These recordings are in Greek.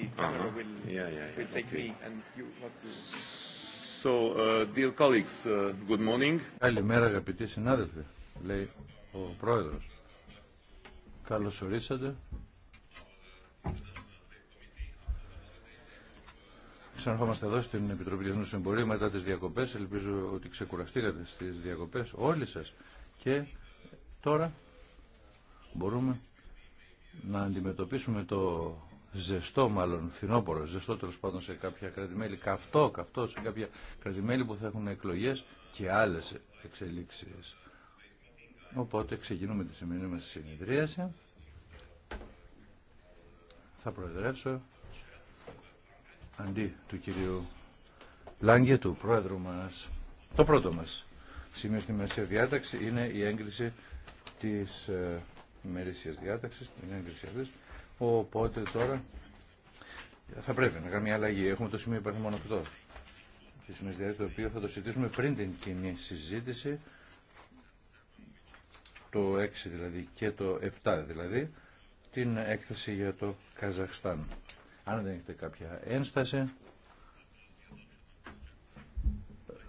the camera uh-huh. will take me and you what to... So, uh, dear colleagues, uh, good morning. Καλημέρα αγαπητοί συνάδελφοι, λέει ο πρόεδρος. Καλώς ορίσατε. Ξαναρχόμαστε εδώ στην Επιτροπή Διεθνούς Εμπορίου μετά τις διακοπές. Ελπίζω ότι ξεκουραστήκατε στις διακοπές όλοι σας. Και τώρα μπορούμε να αντιμετωπίσουμε το ζεστό μάλλον, φθινόπωρο, ζεστό τέλο πάντων σε κάποια κρατημέλη, καυτό, καυτό σε κάποια κρατημέλη που θα έχουν εκλογέ και άλλες εξελίξεις. Οπότε ξεκινούμε τη σημερινή μα συνεδρίαση. Θα προεδρεύσω αντί του κυρίου Λάγκε, του πρόεδρου μα. Το πρώτο μας σημείο στη μεσαία διάταξη είναι η έγκριση της ε, την έγκριση αυτή. Οπότε τώρα θα πρέπει να κάνουμε μια αλλαγή. Έχουμε το σημείο υπάρχει μόνο αυτό. και το οποίο θα το συζητήσουμε πριν την κοινή συζήτηση το 6 δηλαδή και το 7 δηλαδή την έκθεση για το Καζαχστάν. Αν δεν έχετε κάποια ένσταση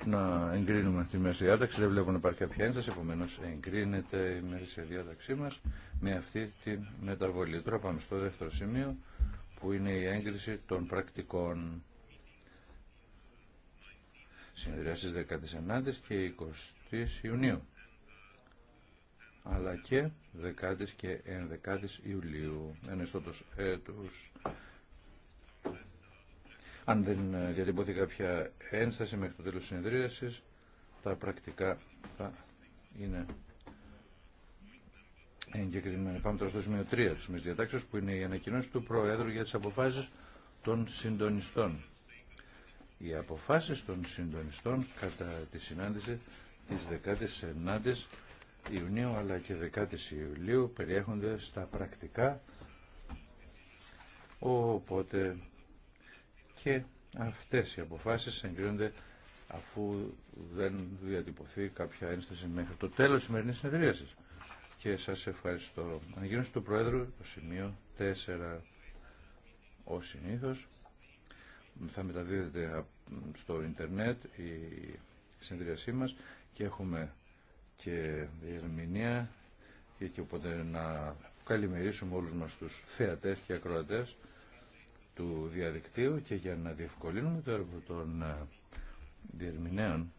να εγκρίνουμε τη μέση διάταξη. Δεν βλέπω να υπάρχει κάποια ένταση, Επομένω, εγκρίνεται η μέση διάταξή μα με αυτή τη μεταβολή. Τώρα πάμε στο δεύτερο σημείο που είναι η έγκριση των πρακτικών συνεδριάσεις 19 και 20 Ιουνίου αλλά και 10 και 11 Ιουλίου ενιστότος έτους αν δεν ε, διατυπωθεί κάποια ένσταση μέχρι το τέλος της συνεδρίασης, τα πρακτικά θα είναι εγκεκριμένα. Πάμε τώρα στο σημείο 3 της που είναι η ανακοινώση του Προέδρου για τις αποφάσεις των συντονιστών. Οι αποφάσεις των συντονιστών κατά τη συνάντηση της 19ης Ιουνίου αλλά και 10ης Ιουλίου περιέχονται στα πρακτικά οπότε και αυτές οι αποφάσεις εγκρίνονται αφού δεν διατυπωθεί κάποια ένσταση μέχρι το τέλος της σημερινής συνεδρίασης. Και σας ευχαριστώ. Ανακοίνωση του Προέδρου, το σημείο 4, ως συνήθως, θα μεταδίδεται στο ίντερνετ η συνεδρίασή μας και έχουμε και διερμηνία και, και οπότε να καλημερίσουμε όλους μας τους θεατές και ακροατές του διαδικτύου και για να διευκολύνουμε το έργο των ε, διερμηνέων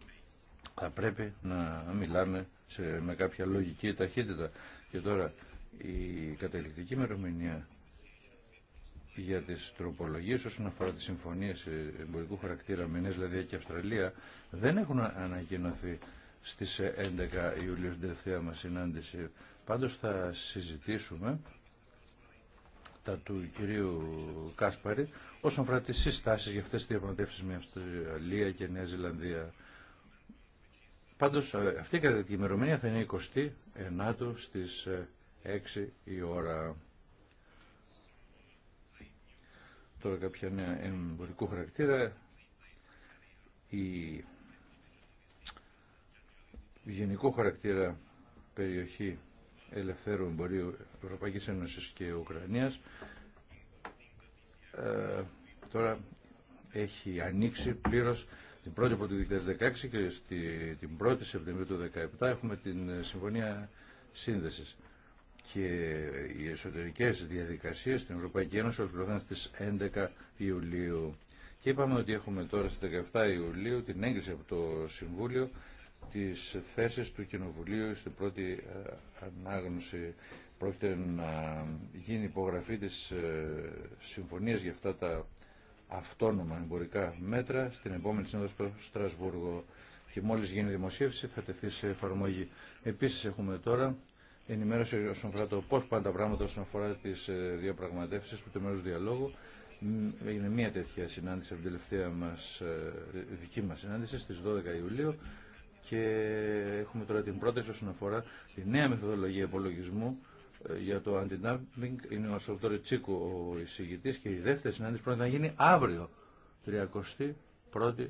θα πρέπει να μιλάμε σε, με κάποια λογική ταχύτητα. Και τώρα η καταληκτική ημερομηνία για τις τροπολογίες όσον αφορά τις συμφωνίες εμπορικού χαρακτήρα με δηλαδή και Αυστραλία δεν έχουν ανακοινωθεί στις 11 Ιουλίου στην τελευταία μας συνάντηση. Πάντως θα συζητήσουμε του κυρίου Κάσπαρη όσον αφορά τι συστάσει για αυτέ τι διαπραγματεύσει με Αυστραλία και Νέα Ζηλανδία. Πάντω ε, αυτή η ημερομηνία θα είναι 29 στι 6 η ώρα. Τώρα κάποια νέα εμπορικού χαρακτήρα. Η γενικό χαρακτήρα περιοχή ελευθέρου εμπορίου Ευρωπαϊκή Ένωση και Ουκρανίας ε, τώρα έχει ανοίξει πλήρω την 1η από το 2016 και στη, την 1η Σεπτεμβρίου του 2017 έχουμε την Συμφωνία σύνδεση. και οι εσωτερικέ διαδικασίε στην Ευρωπαϊκή Ένωση ολοκληρώθηκαν στι 11 Ιουλίου. Και είπαμε ότι έχουμε τώρα στις 17 Ιουλίου την έγκριση από το Συμβούλιο τις θέσεις του Κοινοβουλίου στην πρώτη ε, ανάγνωση. Πρόκειται να γίνει υπογραφή της ε, συμφωνίας για αυτά τα αυτόνομα εμπορικά μέτρα στην επόμενη σύνοδο στο Στρασβούργο και μόλις γίνει δημοσίευση θα τεθεί σε εφαρμογή. Επίσης έχουμε τώρα ενημέρωση όσον αφορά το πώς πάντα πράγματα όσον αφορά τις ε, διαπραγματεύσεις του τεμέρους διαλόγου. Είναι μια τέτοια συνάντηση από την τελευταία μας, δική μας συνάντηση στις 12 Ιουλίου και έχουμε τώρα την πρόταση όσον αφορά τη νέα μεθοδολογία υπολογισμού ε, για το anti Είναι ο Σολτόρη Τσίκου ο εισηγητή και η δεύτερη συνάντηση πρέπει να γίνει αύριο, 31η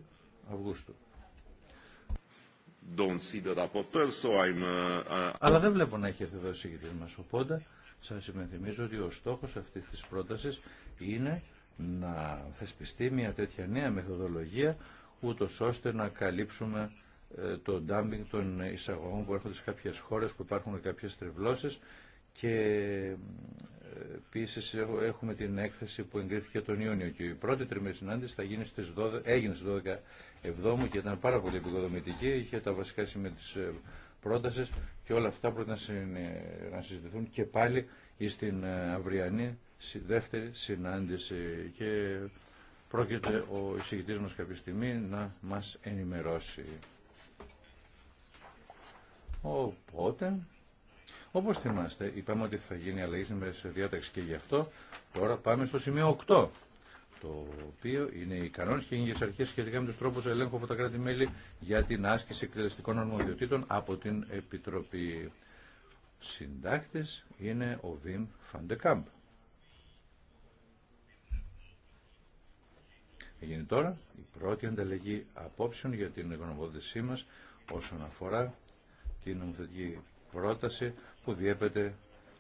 Αυγούστου. Don't see the rapporteur, so I'm, uh, uh... Αλλά δεν βλέπω να έχει έρθει εδώ ο εισηγητή μα. Οπότε σα υπενθυμίζω ότι ο στόχο αυτή τη πρόταση είναι να θεσπιστεί μια τέτοια νέα μεθοδολογία ούτω ώστε να καλύψουμε ε, το ντάμπινγκ των εισαγωγών που έρχονται σε κάποιε χώρε που υπάρχουν κάποιε τρευλώσει και ε, επίση έχουμε την έκθεση που εγκρίθηκε τον Ιούνιο και η πρώτη τριμή συνάντηση θα γίνει στις 12, έγινε στι 12 Εβδόμου και ήταν πάρα πολύ επικοδομητική, είχε τα βασικά σημεία τη ε, πρόταση και όλα αυτά πρέπει να, να συζητηθούν και πάλι στην αυριανή δεύτερη συνάντηση και πρόκειται ο εισηγητή μα κάποια στιγμή να μα ενημερώσει. Οπότε, όπως θυμάστε, είπαμε ότι θα γίνει αλλαγή μέσα σε διάταξη και γι' αυτό τώρα πάμε στο σημείο 8 το οποίο είναι οι κανόνε και οι αρχέ σχετικά με του τρόπου ελέγχου από τα κράτη-μέλη για την άσκηση εκτελεστικών αρμοδιοτήτων από την Επιτροπή. Συντάκτη είναι ο Βιμ Φαντεκάμπ. Έγινε τώρα η πρώτη ανταλλαγή απόψεων για την γνωμοδότησή μα όσον αφορά την νομοθετική πρόταση που διέπεται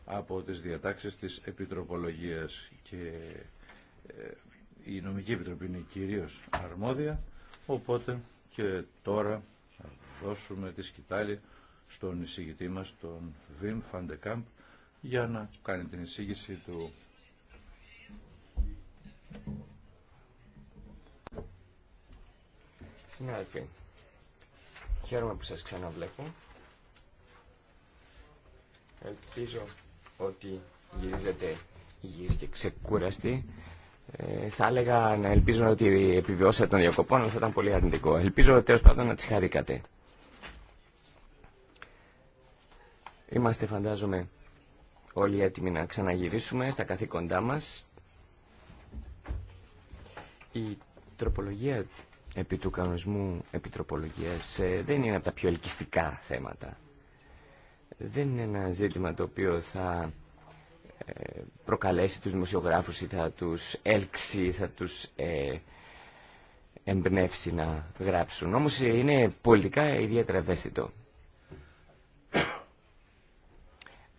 από τις διατάξεις της Επιτροπολογίας και ε, η Νομική Επιτροπή είναι κυρίως αρμόδια οπότε και τώρα θα δώσουμε τη σκητάλη στον εισηγητή μας τον Βιμ Φαντεκάμπ για να κάνει την εισήγηση του Συνάδελφοι, χαίρομαι που σας ξαναβλέπω Ελπίζω ότι γυρίζετε υγιείς και ξεκούραστοι. Ε, θα έλεγα να ελπίζω ότι επιβιώσατε τον διακοπών, αλλά θα ήταν πολύ αρνητικό. Ελπίζω τελο πάντων να τις χαρήκατε. Είμαστε φαντάζομαι όλοι έτοιμοι να ξαναγυρίσουμε στα καθήκοντά μας. Η τροπολογία επί του κανονισμού επιτροπολογίας ε, δεν είναι από τα πιο ελκυστικά θέματα δεν είναι ένα ζήτημα το οποίο θα ε, προκαλέσει τους δημοσιογράφους ή θα τους έλξει ή θα τους ε, εμπνεύσει να γράψουν. Όμως ε, είναι πολιτικά ιδιαίτερα ευαίσθητο.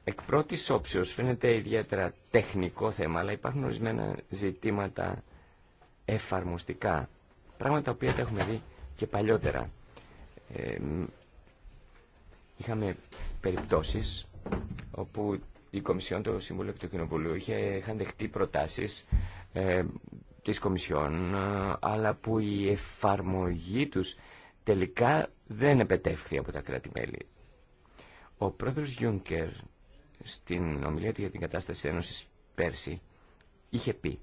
Εκ πρώτης όψεως φαίνεται ιδιαίτερα τεχνικό θέμα, αλλά υπάρχουν ορισμένα ζητήματα εφαρμοστικά. Πράγματα τα οποία τα έχουμε δει και παλιότερα. Ε, Είχαμε περιπτώσεις όπου η Κομισιόν, το Συμβούλιο και το Κοινοβουλίο είχαν δεχτεί προτάσεις ε, της Κομισιόν, ε, αλλά που η εφαρμογή τους τελικά δεν επετεύχθη από τα κράτη-μέλη. Ο πρόεδρος Γιούνκερ στην ομιλία του για την κατάσταση της Ένωσης πέρσι είχε πει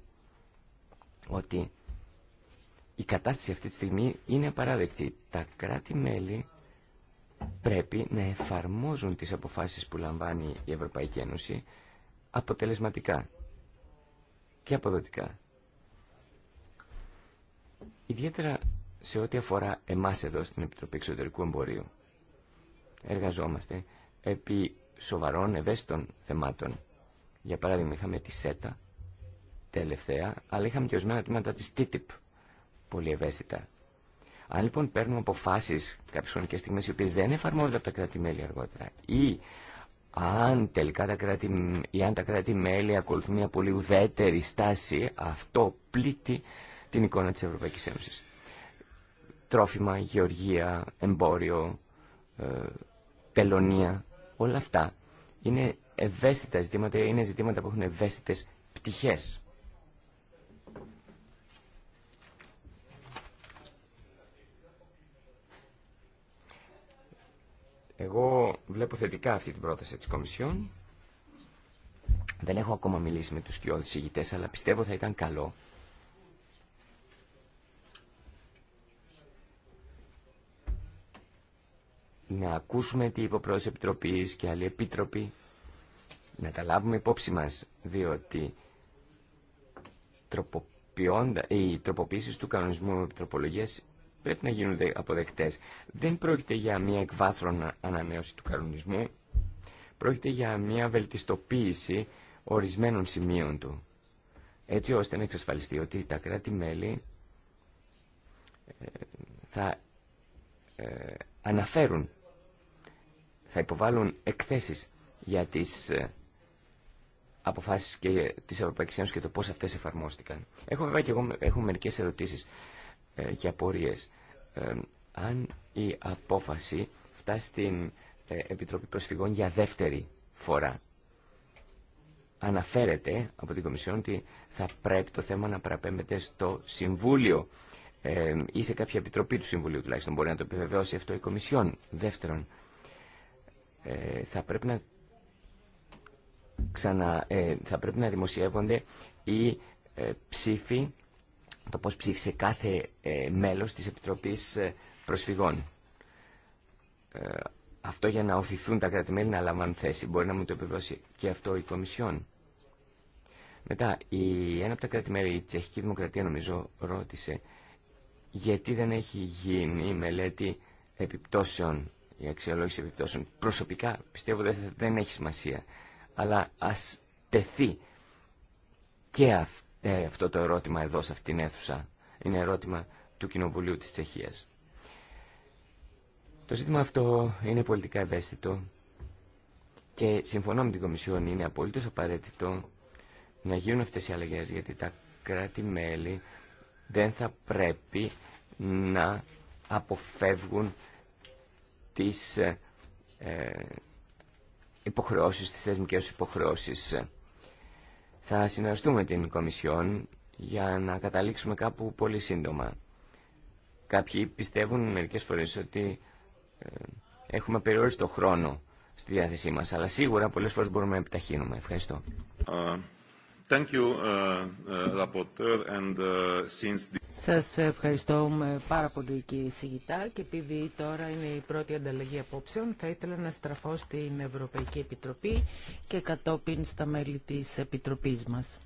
ότι η κατάσταση αυτή τη στιγμή είναι απαράδεκτη. Τα κράτη-μέλη πρέπει να εφαρμόζουν τις αποφάσεις που λαμβάνει η Ευρωπαϊκή Ένωση αποτελεσματικά και αποδοτικά. Ιδιαίτερα σε ό,τι αφορά εμάς εδώ στην Επιτροπή Εξωτερικού Εμπορίου. Εργαζόμαστε επί σοβαρών ευαίσθητων θεμάτων. Για παράδειγμα είχαμε τη ΣΕΤΑ τελευταία, αλλά είχαμε και ορισμένα τμήματα της TTIP, πολύ ευαίσθητα. Αν λοιπόν παίρνουμε αποφάσει κάποιε χρονικέ στιγμέ οι οποίε δεν εφαρμόζονται από τα κράτη-μέλη αργότερα ή αν τελικά τα κράτη, ή αν τα κράτη-μέλη ακολουθούν μια πολύ ουδέτερη στάση, αυτό πλήττει την εικόνα της Ευρωπαϊκής Ένωσης. Τρόφιμα, γεωργία, εμπόριο, ε, τελωνία, όλα αυτά είναι ευαίσθητα ζητήματα, είναι ζητήματα που έχουν ευαίσθητε πτυχές. Εγώ βλέπω θετικά αυτή την πρόταση της Κομισιόν. Δεν έχω ακόμα μιλήσει με τους κοιόδης ηγητές, αλλά πιστεύω θα ήταν καλό να ακούσουμε τι είπε ο Πρόεδρος Επιτροπής και άλλοι επίτροποι, να τα λάβουμε υπόψη μας, διότι οι τροποποίησεις του κανονισμού επιτροπολογίας πρέπει να γίνονται αποδεκτές. Δεν πρόκειται για μια εκβάθρον ανανέωση του κανονισμού, πρόκειται για μια βελτιστοποίηση ορισμένων σημείων του, έτσι ώστε να εξασφαλιστεί ότι τα κράτη-μέλη ε, θα ε, αναφέρουν, θα υποβάλουν εκθέσεις για τις ε, αποφάσεις και της Ευρωπαϊκής Ένωσης και το πώς αυτές εφαρμόστηκαν. Έχω βέβαια και εγώ έχω μερικές ερωτήσεις και απορίες αν η απόφαση φτάσει στην ε, Επιτροπή Προσφυγών για δεύτερη φορά. Αναφέρεται από την Κομισιόν ότι θα πρέπει το θέμα να παραπέμπεται στο Συμβούλιο ή σε κάποια επιτροπή του Συμβουλίου τουλάχιστον. Μπορεί να το επιβεβαιώσει αυτό η Κομισιόν. Δεύτερον, ε, θα πρέπει να, ξανα, ε, θα πρέπει να δημοσιεύονται οι ψήφοι το πώς ψήφισε κάθε ε, μέλος της Επιτροπής ε, Προσφυγών. Ε, αυτό για να οθηθούν τα κρατημένα, να λαμβάνουν θέση. Μπορεί να μου το επιβεβαιώσει και αυτό η Κομισιόν. Μετά, η, ένα από τα κρατη η Τσεχική Δημοκρατία, νομίζω, ρώτησε γιατί δεν έχει γίνει μελέτη επιπτώσεων, η αξιολόγηση επιπτώσεων. Προσωπικά πιστεύω δεν, δεν έχει σημασία. Αλλά ας τεθεί και αυτό ε, αυτό το ερώτημα εδώ σε αυτήν την αίθουσα. Είναι ερώτημα του Κοινοβουλίου της Τσεχίας. Το ζήτημα αυτό είναι πολιτικά ευαίσθητο και συμφωνώ με την Κομισιόν, είναι απολύτως απαραίτητο να γίνουν αυτές οι αλλαγές γιατί τα κράτη-μέλη δεν θα πρέπει να αποφεύγουν τις ε, ε υποχρεώσεις, τις θεσμικές υποχρεώσεις θα συνεργαστούμε την Κομισιόν για να καταλήξουμε κάπου πολύ σύντομα. Κάποιοι πιστεύουν μερικές φορές ότι ε, έχουμε περιόριστο χρόνο στη διάθεσή μας, αλλά σίγουρα πολλές φορές μπορούμε να επιταχύνουμε. Ευχαριστώ. Uh, thank you, uh, uh, σας ευχαριστώ πάρα πολύ κύριε Σιγητά και επειδή τώρα είναι η πρώτη ανταλλαγή απόψεων θα ήθελα να στραφώ στην Ευρωπαϊκή Επιτροπή και κατόπιν στα μέλη της Επιτροπής μας.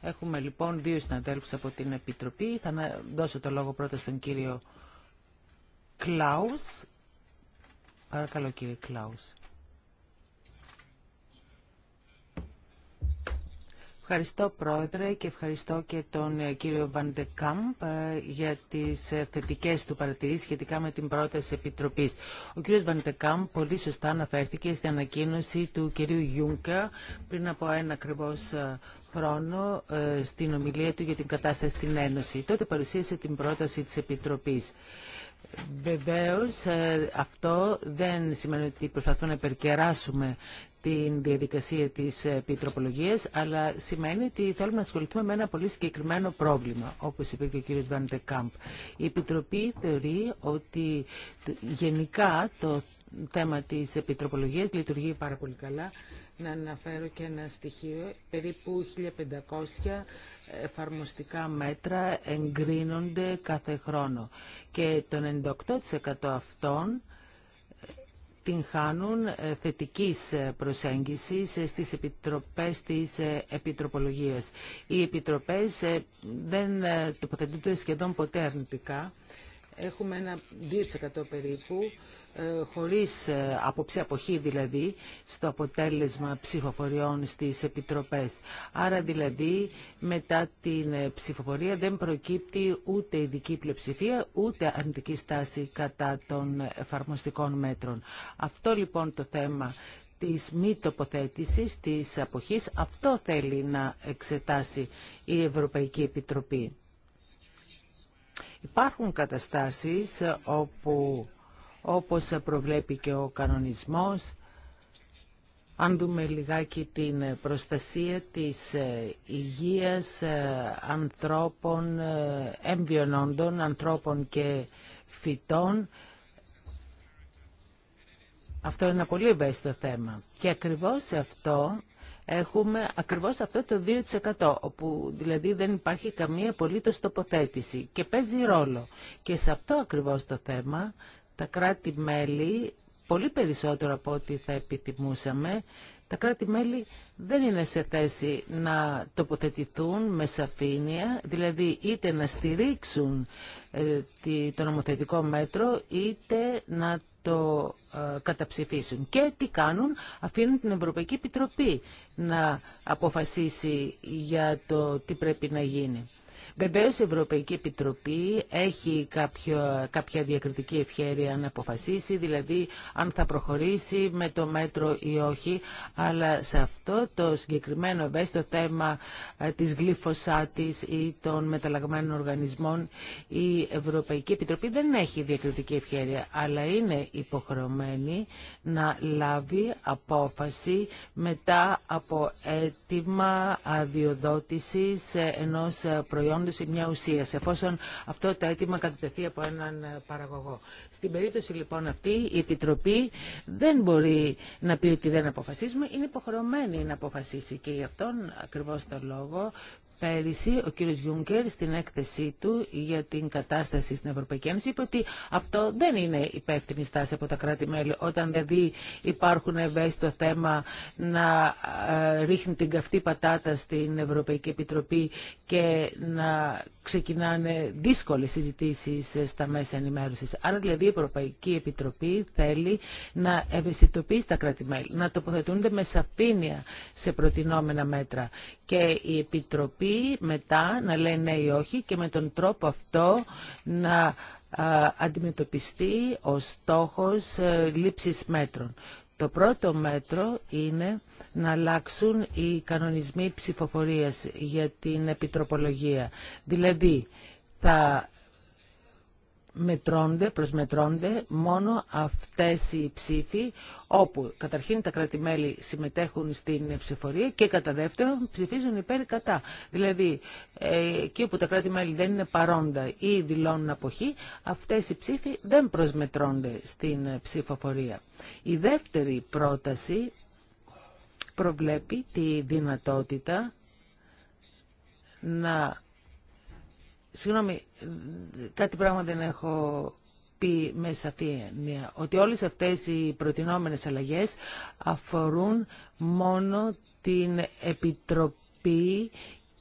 Έχουμε λοιπόν δύο συναδέλφους από την Επιτροπή. Θα δώσω το λόγο πρώτα στον κύριο Κλάους. Παρακαλώ κύριε Κλάους. Ευχαριστώ Πρόεδρε και ευχαριστώ και τον ε, κύριο Βαντεκάμπ ε, για τις ε, θετικές του παρατηρήσεις σχετικά με την πρόταση Επιτροπής. Ο κύριος Βαντεκάμπ πολύ σωστά αναφέρθηκε στην ανακοίνωση του κυρίου Γιούγκα πριν από ένα ακριβώ χρόνο στην ομιλία του για την κατάσταση στην Ένωση. Τότε παρουσίασε την πρόταση της Επιτροπής. Βεβαίω, αυτό δεν σημαίνει ότι προσπαθούμε να υπερκεράσουμε την διαδικασία της επιτροπολογίας, αλλά σημαίνει ότι θέλουμε να ασχοληθούμε με ένα πολύ συγκεκριμένο πρόβλημα, όπως είπε και ο κύριος Βαντεκάμπ. Η Επιτροπή θεωρεί ότι γενικά το θέμα της επιτροπολογίας λειτουργεί πάρα πολύ καλά. Να αναφέρω και ένα στοιχείο, περίπου 1500 εφαρμοστικά μέτρα εγκρίνονται κάθε χρόνο και το 98% αυτών την χάνουν ε, θετικής ε, προσέγγισης ε, στις επιτροπές της Επιτροπολογίας. Οι επιτροπές δεν τοποθετούνται σχεδόν ποτέ αρνητικά έχουμε ένα 2% περίπου, ε, χωρίς ε, άποψη αποχή δηλαδή, στο αποτέλεσμα ψηφοφοριών στις επιτροπές. Άρα δηλαδή μετά την ε, ψηφοφορία δεν προκύπτει ούτε ειδική πλειοψηφία, ούτε αρνητική στάση κατά των εφαρμοστικών μέτρων. Αυτό λοιπόν το θέμα της μη τοποθέτησης, της αποχής, αυτό θέλει να εξετάσει η Ευρωπαϊκή Επιτροπή. Υπάρχουν καταστάσεις όπου, όπως προβλέπει και ο κανονισμός, αν δούμε λιγάκι την προστασία της ε, υγείας ε, ανθρώπων, ε, εμβιονόντων, ανθρώπων και φυτών, αυτό είναι ένα πολύ ευαίσθητο θέμα. Και ακριβώς αυτό έχουμε ακριβώς αυτό το 2%, όπου δηλαδή δεν υπάρχει καμία απολύτως τοποθέτηση και παίζει ρόλο. Και σε αυτό ακριβώς το θέμα τα κράτη-μέλη, πολύ περισσότερο από ό,τι θα επιθυμούσαμε, τα κράτη-μέλη δεν είναι σε θέση να τοποθετηθούν με σαφήνεια, δηλαδή είτε να στηρίξουν ε, το νομοθετικό μέτρο, είτε να το ε, καταψηφίσουν. Και τι κάνουν, αφήνουν την Ευρωπαϊκή Επιτροπή να αποφασίσει για το τι πρέπει να γίνει. Βεβαίω, η Ευρωπαϊκή Επιτροπή έχει κάποιο, κάποια διακριτική ευχαίρεια να αποφασίσει, δηλαδή αν θα προχωρήσει με το μέτρο ή όχι, αλλά σε αυτό το συγκεκριμένο ευαίσθητο θέμα ε, της γλυφοσάτης ή των μεταλλαγμένων οργανισμών η Ευρωπαϊκή Επιτροπή δεν έχει διακριτική ευχαίρεια, αλλά είναι υποχρεωμένη να λάβει απόφαση μετά από αίτημα αδειοδότησης ενός προϊόντος σε μια ουσία, εφόσον αυτό το αίτημα κατατεθεί από έναν ε, παραγωγό. Στην περίπτωση λοιπόν αυτή, η Επιτροπή δεν μπορεί να πει ότι δεν αποφασίζουμε, είναι υποχρεωμένη να αποφασίσει. Και γι' αυτόν ακριβώ το λόγο, πέρυσι ο κύριος Γιούγκερ στην έκθεσή του για την κατάσταση στην Ευρωπαϊκή Ένωση είπε ότι αυτό δεν είναι υπεύθυνη στάση από τα κράτη-μέλη. Όταν δηλαδή υπάρχουν ευαίσθητο θέμα να ε, ρίχνει την καυτή πατάτα στην Ευρωπαϊκή Επιτροπή και να ξεκινάνε δύσκολες συζητήσεις ε, στα μέσα ενημέρωσης. Άρα δηλαδή η Ευρωπαϊκή Επιτροπή θέλει να ευαισθητοποιήσει τα κράτη-μέλη, να τοποθετούνται με σαφήνεια σε προτινόμενα μέτρα και η Επιτροπή μετά να λέει ναι ή όχι και με τον τρόπο αυτό να αντιμετωπιστεί ο στόχος ε, λήψης μέτρων. Το πρώτο μέτρο είναι να αλλάξουν οι κανονισμοί ψηφοφορίας για την επιτροπολογία. Δηλαδή, θα μετρώνται, προσμετρώνται μόνο αυτές οι ψήφοι όπου καταρχήν τα κράτη-μέλη συμμετέχουν στην ψηφορία και κατά δεύτερον ψηφίζουν υπέρ κατά. Δηλαδή ε, εκεί όπου τα κράτη-μέλη δεν είναι παρόντα ή δηλώνουν αποχή, αυτές οι ψήφοι δεν προσμετρώνται στην ψηφοφορία. Η δεύτερη πρόταση προβλέπει τη δυνατότητα να Συγγνώμη, κάτι πράγμα δεν έχω πει με εννοία. Ότι όλες αυτές οι προτινόμενες αλλαγές αφορούν μόνο την Επιτροπή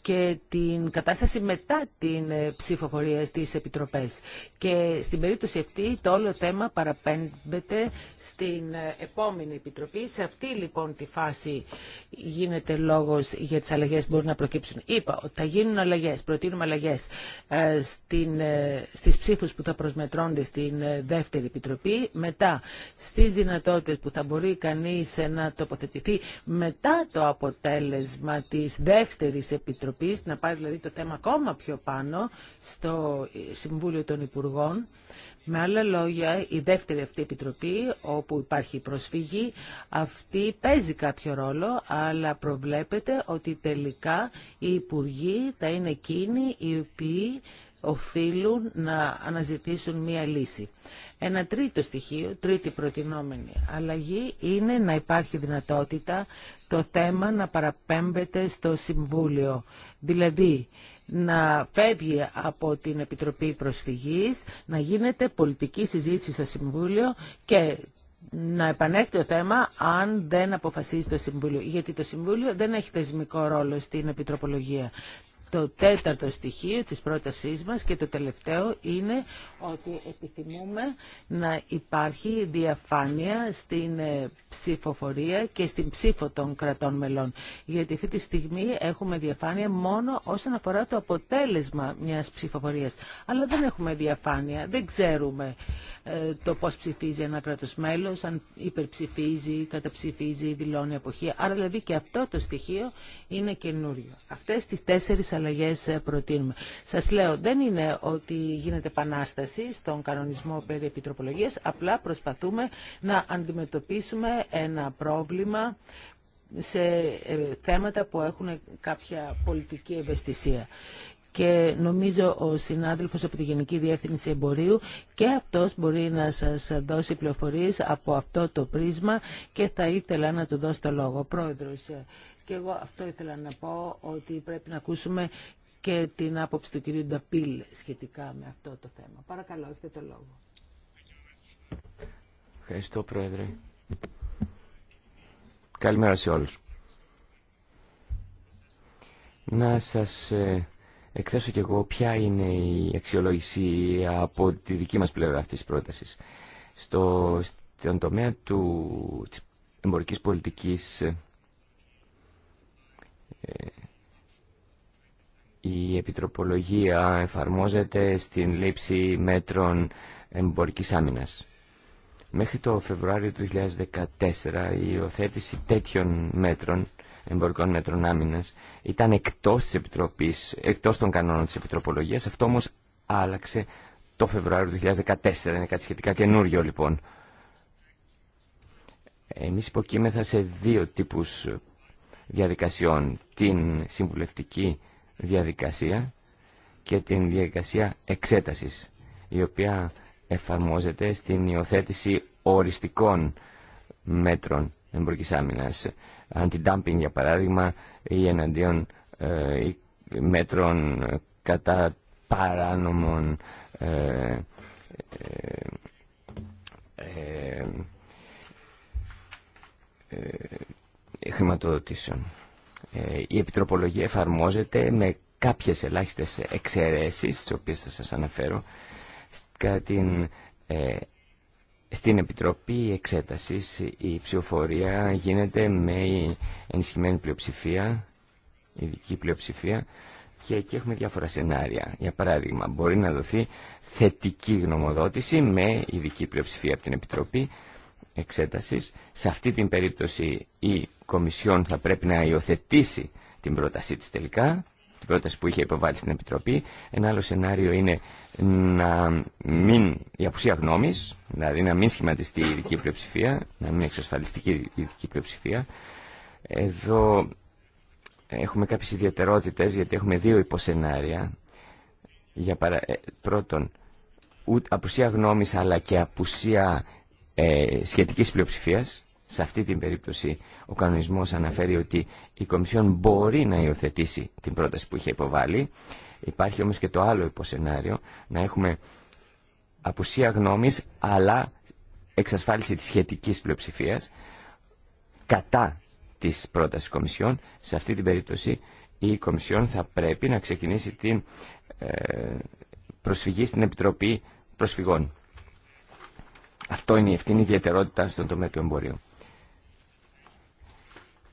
και την κατάσταση μετά την ε, ψηφοφορία στις επιτροπές. Και στην περίπτωση αυτή το όλο θέμα παραπέμπεται στην επόμενη επιτροπή. Σε αυτή λοιπόν τη φάση γίνεται λόγος για τις αλλαγές που μπορούν να προκύψουν. Είπα ότι θα γίνουν αλλαγές, προτείνουμε αλλαγές ε, στην, ε, στις ψήφους που θα προσμετρώνται στην ε, δεύτερη επιτροπή, μετά στις δυνατότητες που θα μπορεί κανείς ε, να τοποθετηθεί μετά το αποτέλεσμα της δεύτερης επιτροπής, να πάει δηλαδή το θέμα ακόμα πιο πάνω στο Συμβούλιο των Υπουργών, με άλλα λόγια, η δεύτερη αυτή επιτροπή, όπου υπάρχει προσφυγή, αυτή παίζει κάποιο ρόλο, αλλά προβλέπεται ότι τελικά οι υπουργοί θα είναι εκείνοι οι οποίοι οφείλουν να αναζητήσουν μία λύση. Ένα τρίτο στοιχείο, τρίτη προτινόμενη αλλαγή, είναι να υπάρχει δυνατότητα το θέμα να παραπέμπεται στο Συμβούλιο. Δηλαδή, να φεύγει από την Επιτροπή Προσφυγής, να γίνεται πολιτική συζήτηση στο Συμβούλιο και να επανέλθει το θέμα αν δεν αποφασίζει το Συμβούλιο. Γιατί το Συμβούλιο δεν έχει θεσμικό ρόλο στην Επιτροπολογία το τέταρτο στοιχείο της πρότασής μας και το τελευταίο είναι ότι επιθυμούμε να υπάρχει διαφάνεια στην ε, ψηφοφορία και στην ψήφο των κρατών μελών. Γιατί αυτή τη στιγμή έχουμε διαφάνεια μόνο όσον αφορά το αποτέλεσμα μιας ψηφοφορίας. Αλλά δεν έχουμε διαφάνεια, δεν ξέρουμε ε, το πώς ψηφίζει ένα κράτος μέλος, αν υπερψηφίζει, καταψηφίζει, δηλώνει αποχή. Άρα δηλαδή και αυτό το στοιχείο είναι καινούριο. Αυτές τις τέσσερις αλλαγές ε, προτείνουμε. Σας λέω, δεν είναι ότι γίνεται επανάσταση στον κανονισμό περί επιτροπολογίας, απλά προσπαθούμε να αντιμετωπίσουμε ένα πρόβλημα σε ε, θέματα που έχουν κάποια πολιτική ευαισθησία και νομίζω ο συνάδελφος από τη Γενική Διεύθυνση Εμπορίου και αυτός μπορεί να σας δώσει πληροφορίες από αυτό το πρίσμα και θα ήθελα να του δώσω το λόγο. Πρόεδρος, ε, και εγώ αυτό ήθελα να πω ότι πρέπει να ακούσουμε και την άποψη του κυρίου Νταπίλ σχετικά με αυτό το θέμα. Παρακαλώ, έχετε το λόγο. Ευχαριστώ, Πρόεδρε. Καλημέρα σε όλους. Να σας ε, εκθέσω κι εγώ ποια είναι η αξιολόγηση από τη δική μας πλευρά αυτής της πρότασης. Στο, στον τομέα του, της εμπορικής πολιτικής η επιτροπολογία εφαρμόζεται στην λήψη μέτρων εμπορικής άμυνας. Μέχρι το Φεβρουάριο του 2014 η υιοθέτηση τέτοιων μέτρων, εμπορικών μέτρων άμυνας, ήταν εκτός, της επιτροπής, εκτός των κανόνων της επιτροπολογίας. Αυτό όμως άλλαξε το Φεβρουάριο του 2014. Είναι κάτι σχετικά καινούριο λοιπόν. Εμείς υποκείμεθα σε δύο τύπους διαδικασιών, την συμβουλευτική διαδικασία και την διαδικασία εξέτασης, η οποία εφαρμόζεται στην υιοθέτηση οριστικών μέτρων εμπορικής άμυνας, για παράδειγμα ή εναντίον ε, μέτρων ε, κατά παράνομων ε, ε, χρηματοδοτήσεων. Ε, η επιτροπολογία εφαρμόζεται με κάποιες ελάχιστες εξαιρέσεις, τις οποίες θα σας αναφέρω, κατά την ε, στην Επιτροπή Εξέτασης η ψηφοφορία γίνεται με ενισχυμένη πλειοψηφία, ειδική πλειοψηφία και εκεί έχουμε διάφορα σενάρια. Για παράδειγμα, μπορεί να δοθεί θετική γνωμοδότηση με ειδική πλειοψηφία από την Επιτροπή εξέτασης. Σε αυτή την περίπτωση η Κομισιόν θα πρέπει να υιοθετήσει την πρότασή της τελικά, την πρόταση που είχε υποβάλει στην Επιτροπή. Ένα άλλο σενάριο είναι να μην, η απουσία γνώμης, δηλαδή να μην σχηματιστεί η ειδική πλειοψηφία, να μην εξασφαλιστεί η ειδική πλειοψηφία. Εδώ έχουμε κάποιες ιδιαιτερότητες γιατί έχουμε δύο υποσενάρια. Για παρα... Ε, πρώτον, απουσία γνώμης αλλά και απουσία ε, σχετικής Σε αυτή την περίπτωση ο κανονισμός αναφέρει ότι η Κομισιόν μπορεί να υιοθετήσει την πρόταση που είχε υποβάλει. Υπάρχει όμως και το άλλο υποσενάριο, να έχουμε απουσία γνώμης αλλά εξασφάλιση της σχετικής πλειοψηφίας κατά της πρότασης Κομισιόν. Σε αυτή την περίπτωση η Κομισιόν θα πρέπει να ξεκινήσει την ε, προσφυγή στην Επιτροπή Προσφυγών. Αυτό είναι η ευθύνη ιδιαιτερότητα στον τομέα του εμπορίου.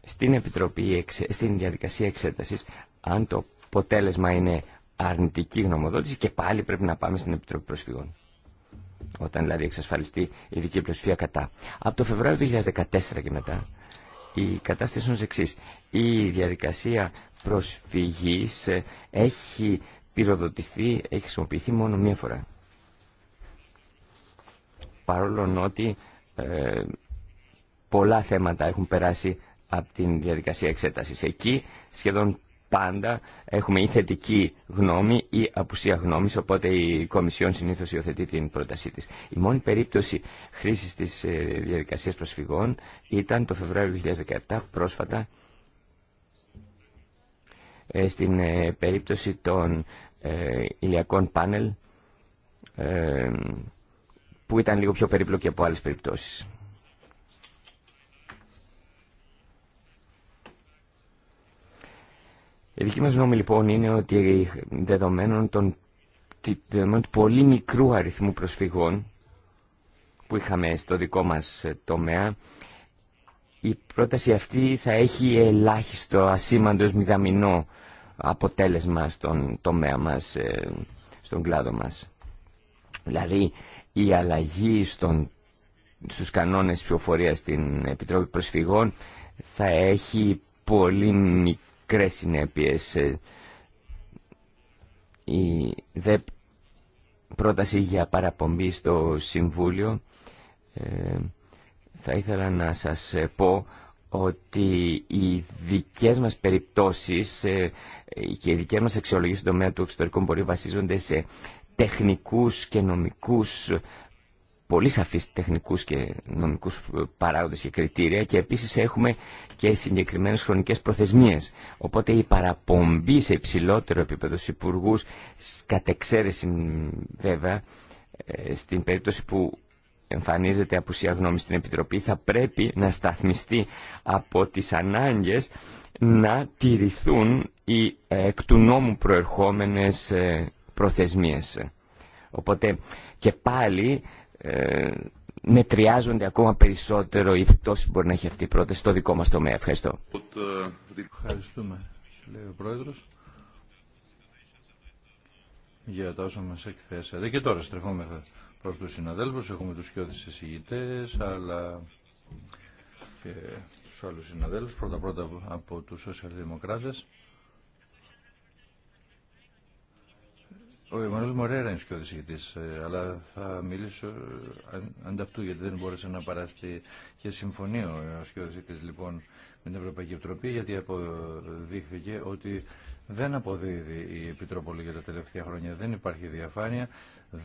Στην, Επιτροπή, στην διαδικασία εξέτασης, αν το αποτέλεσμα είναι αρνητική γνωμοδότηση και πάλι πρέπει να πάμε στην Επιτροπή Προσφυγών. Όταν δηλαδή εξασφαλιστεί η δική πλειοψηφία κατά. Από το Φεβρουάριο 2014 και μετά η κατάσταση είναι ως εξής. Η διαδικασία προσφυγής ε, έχει πυροδοτηθεί, έχει χρησιμοποιηθεί μόνο μία φορά παρόλο ότι ε, πολλά θέματα έχουν περάσει από την διαδικασία εξέτασης. Εκεί σχεδόν πάντα έχουμε ή θετική γνώμη ή απουσία γνώμης, οπότε η Κομισιόν συνήθως υιοθετεί την πρότασή της. Η μόνη περίπτωση χρήσης της ε, διαδικασίας προσφυγών ήταν το Φεβρουάριο 2017 πρόσφατα ε, στην περίπτωση των ηλιακών πάνελ που ήταν λίγο πιο περίπλοκη από άλλες περιπτώσεις. Η δική μας γνώμη λοιπόν είναι ότι δεδομένων, των, δεδομένων του πολύ μικρού αριθμού προσφυγών που είχαμε στο δικό μας τομέα, η πρόταση αυτή θα έχει ελάχιστο ασήμαντος μηδαμινό αποτέλεσμα στον τομέα μας, ε, στον κλάδο μας. Δηλαδή η αλλαγή στον, στους κανόνες πληροφορίας στην Επιτροπή Προσφυγών θα έχει πολύ μικρές συνέπειες. Ε, η δε πρόταση για παραπομπή στο Συμβούλιο ε, θα ήθελα να σας πω ότι οι δικές μας περιπτώσεις ε, και οι δικές μας αξιολογίες στον τομέα του εξωτερικού μπορεί βασίζονται σε τεχνικούς και νομικούς πολύ σαφείς τεχνικούς και νομικούς παράγοντες και κριτήρια και επίσης έχουμε και συγκεκριμένες χρονικές προθεσμίες. Οπότε η παραπομπή σε υψηλότερο επίπεδο στους υπουργούς, κατ' εξαίρεση βέβαια, ε, στην περίπτωση που εμφανίζεται απουσία γνώμη στην Επιτροπή, θα πρέπει να σταθμιστεί από τις ανάγκες να τηρηθούν οι ε, εκ του νόμου προερχόμενες ε, προθεσμίες. Οπότε και πάλι ε, μετριάζονται ακόμα περισσότερο οι πτώσεις που μπορεί να έχει αυτή η πρόταση στο δικό μας τομέα. Ευχαριστώ. Ευχαριστούμε, λέει ο Πρόεδρος, για τα όσα μας εκθέσατε. Και τώρα στρεφόμεθα προς τους συναδέλφους, έχουμε τους κοιόδης εισηγητές, αλλά και τους άλλους συναδέλφους, πρώτα-πρώτα από τους σοσιαλδημοκράτες. Ο Εμμανουέλ Μορέρα είναι σκιώδης ε, αλλά θα μιλήσω ε, ανταυτού γιατί δεν μπόρεσε να παραστεί και συμφωνεί ο σκιώδης λοιπόν με την Ευρωπαϊκή Επιτροπή γιατί αποδείχθηκε ότι δεν αποδίδει η Επιτροπολή για τα τελευταία χρόνια. Δεν υπάρχει διαφάνεια,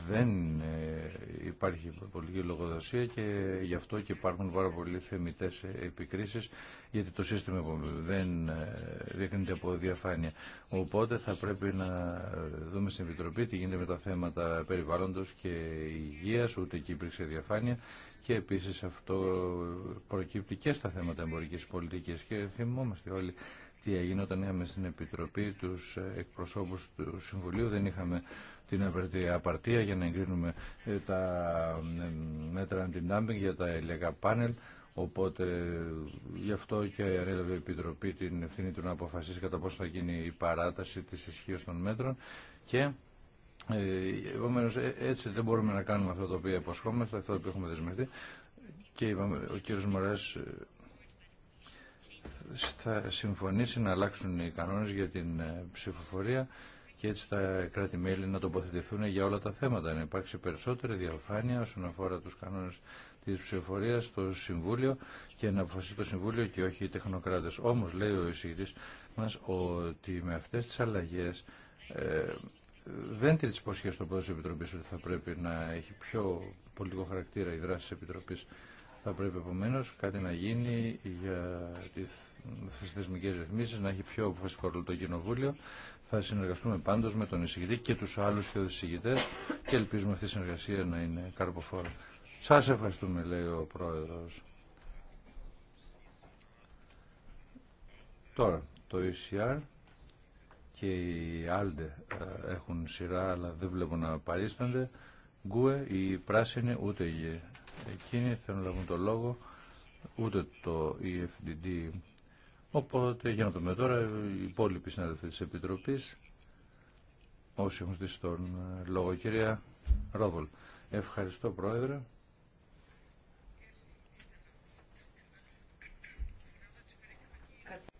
δεν ε, υπάρχει πολιτική λογοδοσία και γι' αυτό και υπάρχουν πάρα πολλοί θεμητέ επικρίσεις γιατί το σύστημα δεν ε, δείχνεται από διαφάνεια. Οπότε θα πρέπει να δούμε στην Επιτροπή τι γίνεται με τα θέματα περιβάλλοντος και υγείας, ούτε εκεί υπήρξε διαφάνεια και επίσης αυτό προκύπτει και στα θέματα εμπορικής πολιτικής και θυμόμαστε όλοι τι έγινε όταν είχαμε στην Επιτροπή τους εκπροσώπους του Συμβουλίου. Δεν είχαμε την ευρετή απαρτία για να εγκρίνουμε ε, τα ε, μέτρα αντιντάμπινγκ για τα ηλιακά πάνελ. Οπότε ε, γι' αυτό και έλαβε η Επιτροπή την ευθύνη του να αποφασίσει κατά πόσο θα γίνει η παράταση της ισχύω των μέτρων και επομένως έτσι δεν μπορούμε να κάνουμε αυτό το οποίο υποσχόμαστε, αυτό το οποίο έχουμε δεσμευτεί και είπαμε ο κύριος Μωράς θα συμφωνήσει να αλλάξουν οι κανόνες για την ε, ψηφοφορία και έτσι τα κράτη-μέλη να τοποθετηθούν για όλα τα θέματα. Να υπάρξει περισσότερη διαφάνεια όσον αφορά τους κανόνες της ψηφοφορίας στο Συμβούλιο και να αποφασίσει το Συμβούλιο και όχι οι τεχνοκράτες. Όμως λέει ο εισηγητής μας ότι με αυτές τις αλλαγές ε, δεν τρίτη υποσχέσει το του τη επιτροπή ότι θα πρέπει να έχει πιο πολιτικό χαρακτήρα η δράση τη Επιτροπής. Θα πρέπει επομένω κάτι να γίνει για τι θεσμικέ ρυθμίσει, να έχει πιο αποφασιστικό ρόλο το Κοινοβούλιο. Θα συνεργαστούμε πάντω με τον εισηγητή και του άλλου και του και ελπίζουμε αυτή η συνεργασία να είναι καρποφόρα. Σα ευχαριστούμε, λέει ο πρόεδρο. Τώρα, το ECR και οι Άλντε ε, έχουν σειρά, αλλά δεν βλέπω να παρίστανται. Γκουε, οι πράσινοι, ούτε οι εκείνοι θέλουν να λάβουν το λόγο, ούτε το EFDD. Οπότε, για να το με τώρα, οι υπόλοιποι συνάδελφοι της Επιτροπής, όσοι έχουν στήσει τον ε, λόγο, κυρία Ρόβολ. Ευχαριστώ, Πρόεδρε.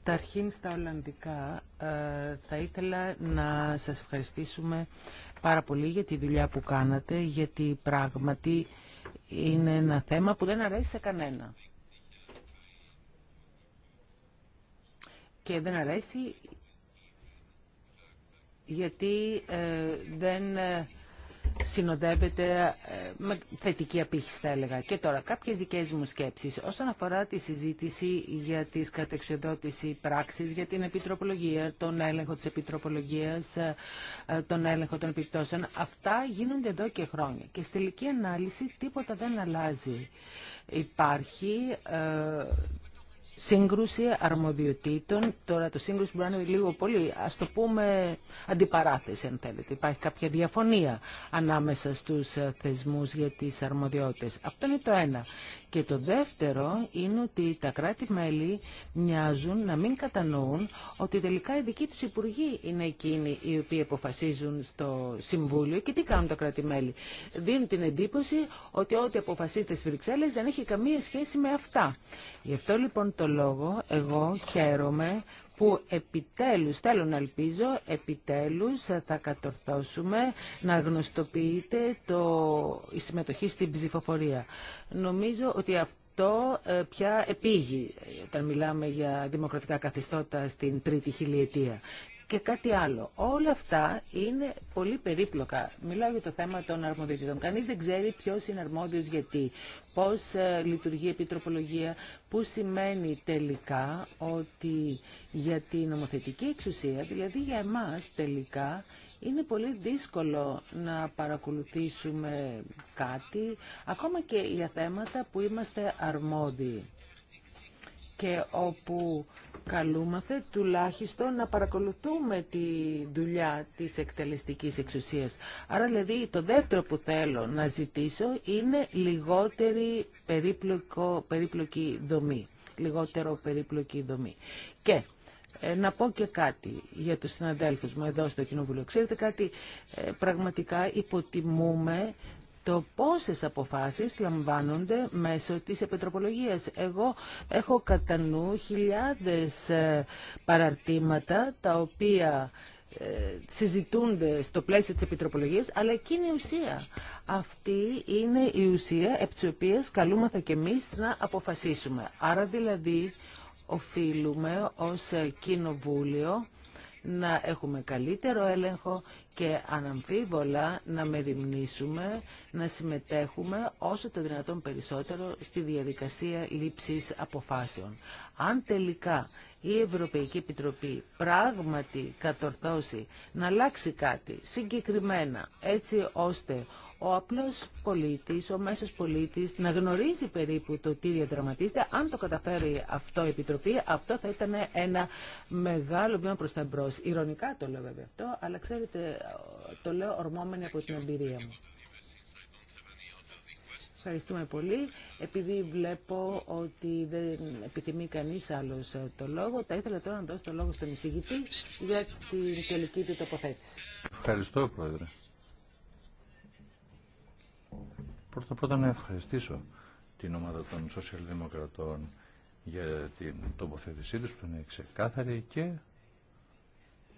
Καταρχήν στα Ολλανδικά ε, θα ήθελα να σας ευχαριστήσουμε πάρα πολύ για τη δουλειά που κάνατε, γιατί πράγματι είναι ένα θέμα που δεν αρέσει σε κανένα. Και δεν αρέσει γιατί ε, δεν ε, συνοδεύεται ε, με θετική απήχηση, θα έλεγα. Και τώρα, κάποιες δικές μου σκέψεις όσον αφορά τη συζήτηση για τη κατεξοδότηση πράξης, για την επιτροπολογία, τον έλεγχο της επιτροπολογίας, ε, ε, τον έλεγχο των επιπτώσεων. Αυτά γίνονται εδώ και χρόνια. Και στη τελική ανάλυση τίποτα δεν αλλάζει. Υπάρχει σύγκρουση αρμοδιοτήτων. Τώρα το σύγκρουση μπορεί να είναι λίγο πολύ, ας το πούμε, αντιπαράθεση αν θέλετε. Υπάρχει κάποια διαφωνία ανάμεσα στους ε, θεσμού για τι αρμοδιότητες. Αυτό είναι το ένα. Και το δεύτερο είναι ότι τα κράτη-μέλη μοιάζουν να μην κατανοούν ότι τελικά οι δικοί τους υπουργοί είναι εκείνοι οι οποίοι αποφασίζουν στο Συμβούλιο. Και τι κάνουν τα κράτη-μέλη. Δίνουν την εντύπωση ότι ό,τι αποφασίζεται στις Βρυξέλλες δεν έχει καμία σχέση με αυτά. Γι' αυτό λοιπόν το λόγο εγώ χαίρομαι που επιτέλους, θέλω να ελπίζω, επιτέλους θα κατορθώσουμε να γνωστοποιείται το, η συμμετοχή στην ψηφοφορία. Νομίζω ότι αυτό ε, πια επήγει όταν μιλάμε για δημοκρατικά καθιστώτα στην τρίτη χιλιετία και κάτι άλλο. Όλα αυτά είναι πολύ περίπλοκα. Μιλάω για το θέμα των αρμοδιοτήτων. Κανείς δεν ξέρει ποιος είναι αρμόδιος γιατί, πώς ε, λειτουργεί η επιτροπολογία, που σημαίνει τελικά ότι για την νομοθετική εξουσία, δηλαδή για εμάς τελικά, είναι πολύ δύσκολο να παρακολουθήσουμε κάτι, ακόμα και για θέματα που είμαστε αρμόδιοι και όπου καλούμαθε τουλάχιστον να παρακολουθούμε τη δουλειά της εκτελεστικής εξουσίας. Άρα δηλαδή το δεύτερο που θέλω να ζητήσω είναι λιγότερη περίπλοκο, περίπλοκη δομή. Λιγότερο περίπλοκη δομή. Και ε, να πω και κάτι για τους συναδέλφους μου εδώ στο Κοινοβούλιο. Ξέρετε κάτι, ε, πραγματικά υποτιμούμε το πόσες αποφάσεις λαμβάνονται μέσω της επιτροπολογίας. Εγώ έχω κατά νου χιλιάδες ε, παραρτήματα τα οποία ε, συζητούνται στο πλαίσιο της επιτροπολογίας, αλλά εκείνη η ουσία. Αυτή είναι η ουσία επί της καλούμεθα και εμείς να αποφασίσουμε. Άρα δηλαδή οφείλουμε ως ε, κοινοβούλιο να έχουμε καλύτερο έλεγχο και αναμφίβολα να μεριμνήσουμε, να συμμετέχουμε όσο το δυνατόν περισσότερο στη διαδικασία λήψης αποφάσεων. Αν τελικά η Ευρωπαϊκή Επιτροπή πράγματι κατορθώσει να αλλάξει κάτι συγκεκριμένα έτσι ώστε ο απλός πολίτης, ο μέσος πολίτης να γνωρίζει περίπου το τι διαδραματίζεται. Αν το καταφέρει αυτό η Επιτροπή, αυτό θα ήταν ένα μεγάλο βήμα προς τα μπρος. Ιρωνικά το λέω βέβαια αυτό, αλλά ξέρετε, το λέω ορμόμενοι από την εμπειρία μου. Ευχαριστούμε πολύ. Επειδή βλέπω ότι δεν επιθυμεί κανείς άλλος ε, το λόγο, θα ήθελα τώρα να δώσω το λόγο στον εισηγητή για την τελική του τοποθέτηση. Ευχαριστώ, Πρόεδρε. Πρώτα πρώτα να ευχαριστήσω την ομάδα των σοσιαλδημοκρατών για την τοποθέτησή τους που είναι ξεκάθαρη και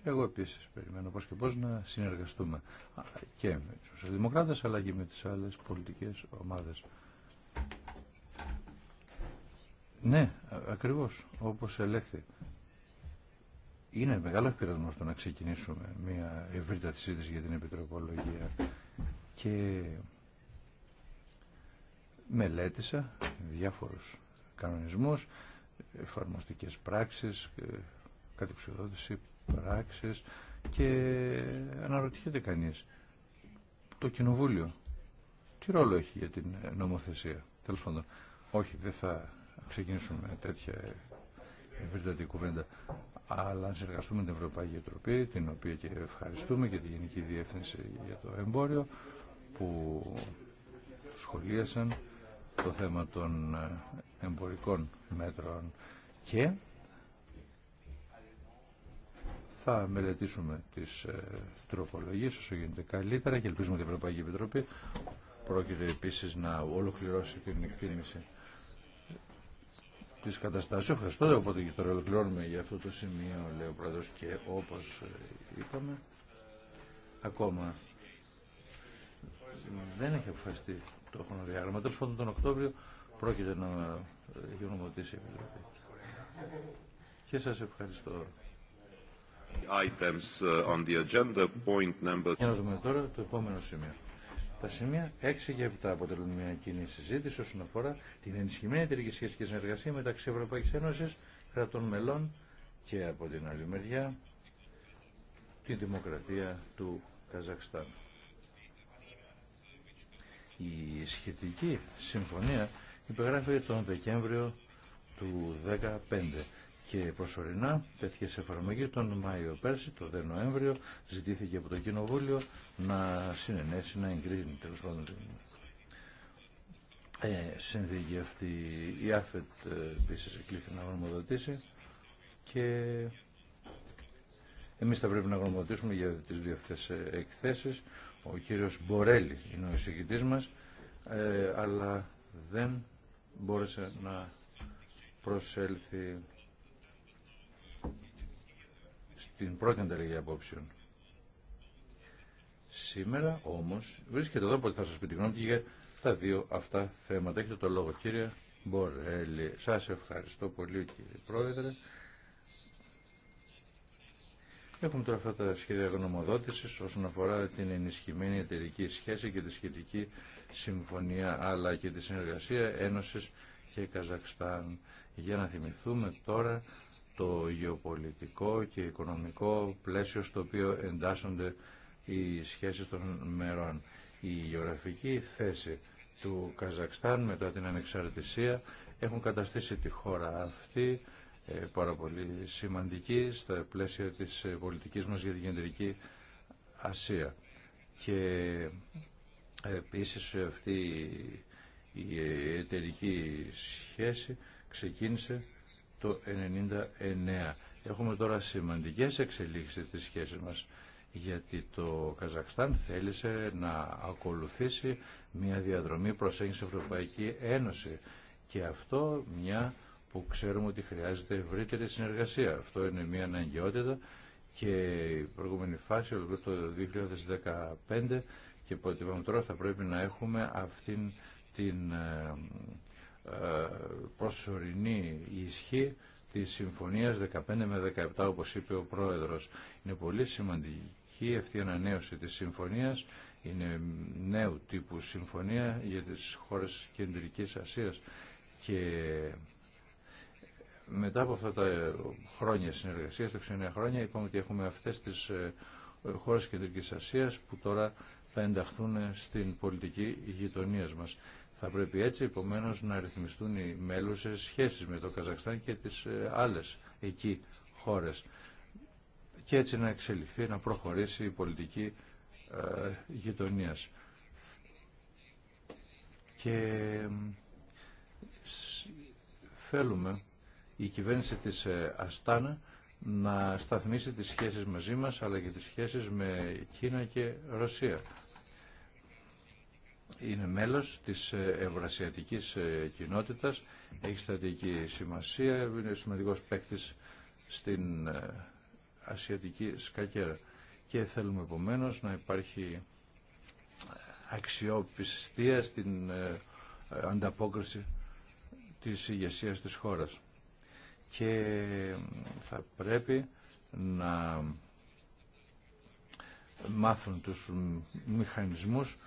εγώ επίσης περιμένω πώς και πώς να συνεργαστούμε και με τους σοσιαλδημοκράτες αλλά και με τις άλλες πολιτικές ομάδες. Ναι, ακριβώς, όπως ελέγχθη. Είναι μεγάλο πειρασμό το να ξεκινήσουμε μια ευρύτατη συζήτηση για την επιτροπολογία και μελέτησα διάφορους κανονισμούς, εφαρμοστικές πράξεις, ε, κατεξοδότηση πράξεις και αναρωτιέται κανείς το κοινοβούλιο τι ρόλο έχει για την νομοθεσία. Τέλος πάντων, όχι, δεν θα ξεκινήσουμε τέτοια ευρύτατη κουβέντα. Αλλά αν συνεργαστούμε την Ευρωπαϊκή Επιτροπή, την οποία και ευχαριστούμε και τη Γενική Διεύθυνση για το Εμπόριο, που σχολίασαν το θέμα των ε, εμπορικών μέτρων και θα μελετήσουμε τις ε, τροπολογίες όσο γίνεται καλύτερα και ελπίζουμε ότι η Ευρωπαϊκή Επιτροπή πρόκειται επίσης να ολοκληρώσει την εκτίμηση της καταστάσεως. Ευχαριστώ, οπότε και τώρα ολοκληρώνουμε για αυτό το σημείο, λέει ο Πρόεδρος, και όπως ε, είπαμε, ακόμα δεν έχει αποφασιστεί το χρονοδιάγραμμα. Τέλο πάντων τον Οκτώβριο πρόκειται να γνωμοτήσει η Επιτροπή. Και σα ευχαριστώ. Items uh, on the agenda, point number... Για να δούμε τώρα το επόμενο σημείο. Τα σημεία 6 και 7 αποτελούν μια κοινή συζήτηση όσον αφορά την ενισχυμένη εταιρική σχέση και συνεργασία μεταξύ Ευρωπαϊκή Ένωση, κρατών μελών και από την άλλη μεριά τη δημοκρατία του Καζακστάν. Η σχετική συμφωνία υπεγράφει τον Δεκέμβριο του 2015 και προσωρινά τέτοιε σε εφαρμογή τον Μάιο πέρσι, το δε Νοέμβριο, ζητήθηκε από το Κοινοβούλιο να συνενέσει, να εγκρίνει τέλο πάντων την ε, συνθήκη αυτή. Η ΑΦΕΤ ε, επίση εκλήθη να γνωμοδοτήσει και εμείς θα πρέπει να γνωμοδοτήσουμε για τις δύο αυτές ε, εκθέσεις ο κύριος Μπορέλη είναι ο εισηγητής μας, ε, αλλά δεν μπόρεσε να προσέλθει στην πρώτη ανταλλαγή απόψεων. Σήμερα όμως βρίσκεται εδώ που θα σας πει τη γνώμη για τα δύο αυτά θέματα. Έχετε το λόγο κύριε Μπορέλη. Σας ευχαριστώ πολύ κύριε Πρόεδρε. Έχουμε τώρα αυτά τα σχέδια γνωμοδότηση όσον αφορά την ενισχυμένη εταιρική σχέση και τη σχετική συμφωνία αλλά και τη συνεργασία Ένωση και Καζακστάν. Για να θυμηθούμε τώρα το γεωπολιτικό και οικονομικό πλαίσιο στο οποίο εντάσσονται οι σχέσεις των μερών. Η γεωγραφική θέση του Καζακστάν μετά την ανεξαρτησία έχουν καταστήσει τη χώρα αυτή ε, πάρα πολύ σημαντική στα πλαίσια της ε, πολιτικής μας για την Κεντρική Ασία. Και ε, επίσης αυτή η εταιρική σχέση ξεκίνησε το 1999. Έχουμε τώρα σημαντικές εξελίξεις της σχέσης μας γιατί το Καζακστάν θέλησε να ακολουθήσει μια διαδρομή προσέγγισης Ευρωπαϊκή Ένωση και αυτό μια που ξέρουμε ότι χρειάζεται ευρύτερη συνεργασία. Αυτό είναι μια αναγκαιότητα και η προηγούμενη φάση, το 2015 και από ό,τι είπαμε τώρα θα πρέπει να έχουμε αυτήν την ε, ε, προσωρινή ισχύ της συμφωνίας 15 με 17 όπως είπε ο Πρόεδρος. Είναι πολύ σημαντική αυτή η ανανέωση της συμφωνίας. Είναι νέου τύπου συμφωνία για τις χώρες Κεντρικής Ασίας και μετά από αυτά τα ε, χρόνια συνεργασίας, τα 29 χρόνια, είπαμε ότι έχουμε αυτές τις ε, χώρες Κεντρικής Ασίας που τώρα θα ενταχθούν στην πολιτική γειτονία μας. Θα πρέπει έτσι επομένως να ρυθμιστούν οι σε σχέσεις με το Καζακστάν και τις ε, άλλες εκεί χώρες και έτσι να εξελιχθεί, να προχωρήσει η πολιτική γειτονία. Και θέλουμε η κυβέρνηση της ε, Αστάνα να σταθμίσει τις σχέσεις μαζί μας αλλά και τις σχέσεις με Κίνα και Ρωσία. Είναι μέλος της ε, Ευρασιατικής ε, Κοινότητας, έχει στρατηγική σημασία, είναι σημαντικός παίκτης στην Ασιατική Σκακέρα. Και θέλουμε επομένω να υπάρχει αξιοπιστία στην ανταπόκριση της ηγεσίας της χώρας και θα πρέπει να μάθουν τους μηχανισμούς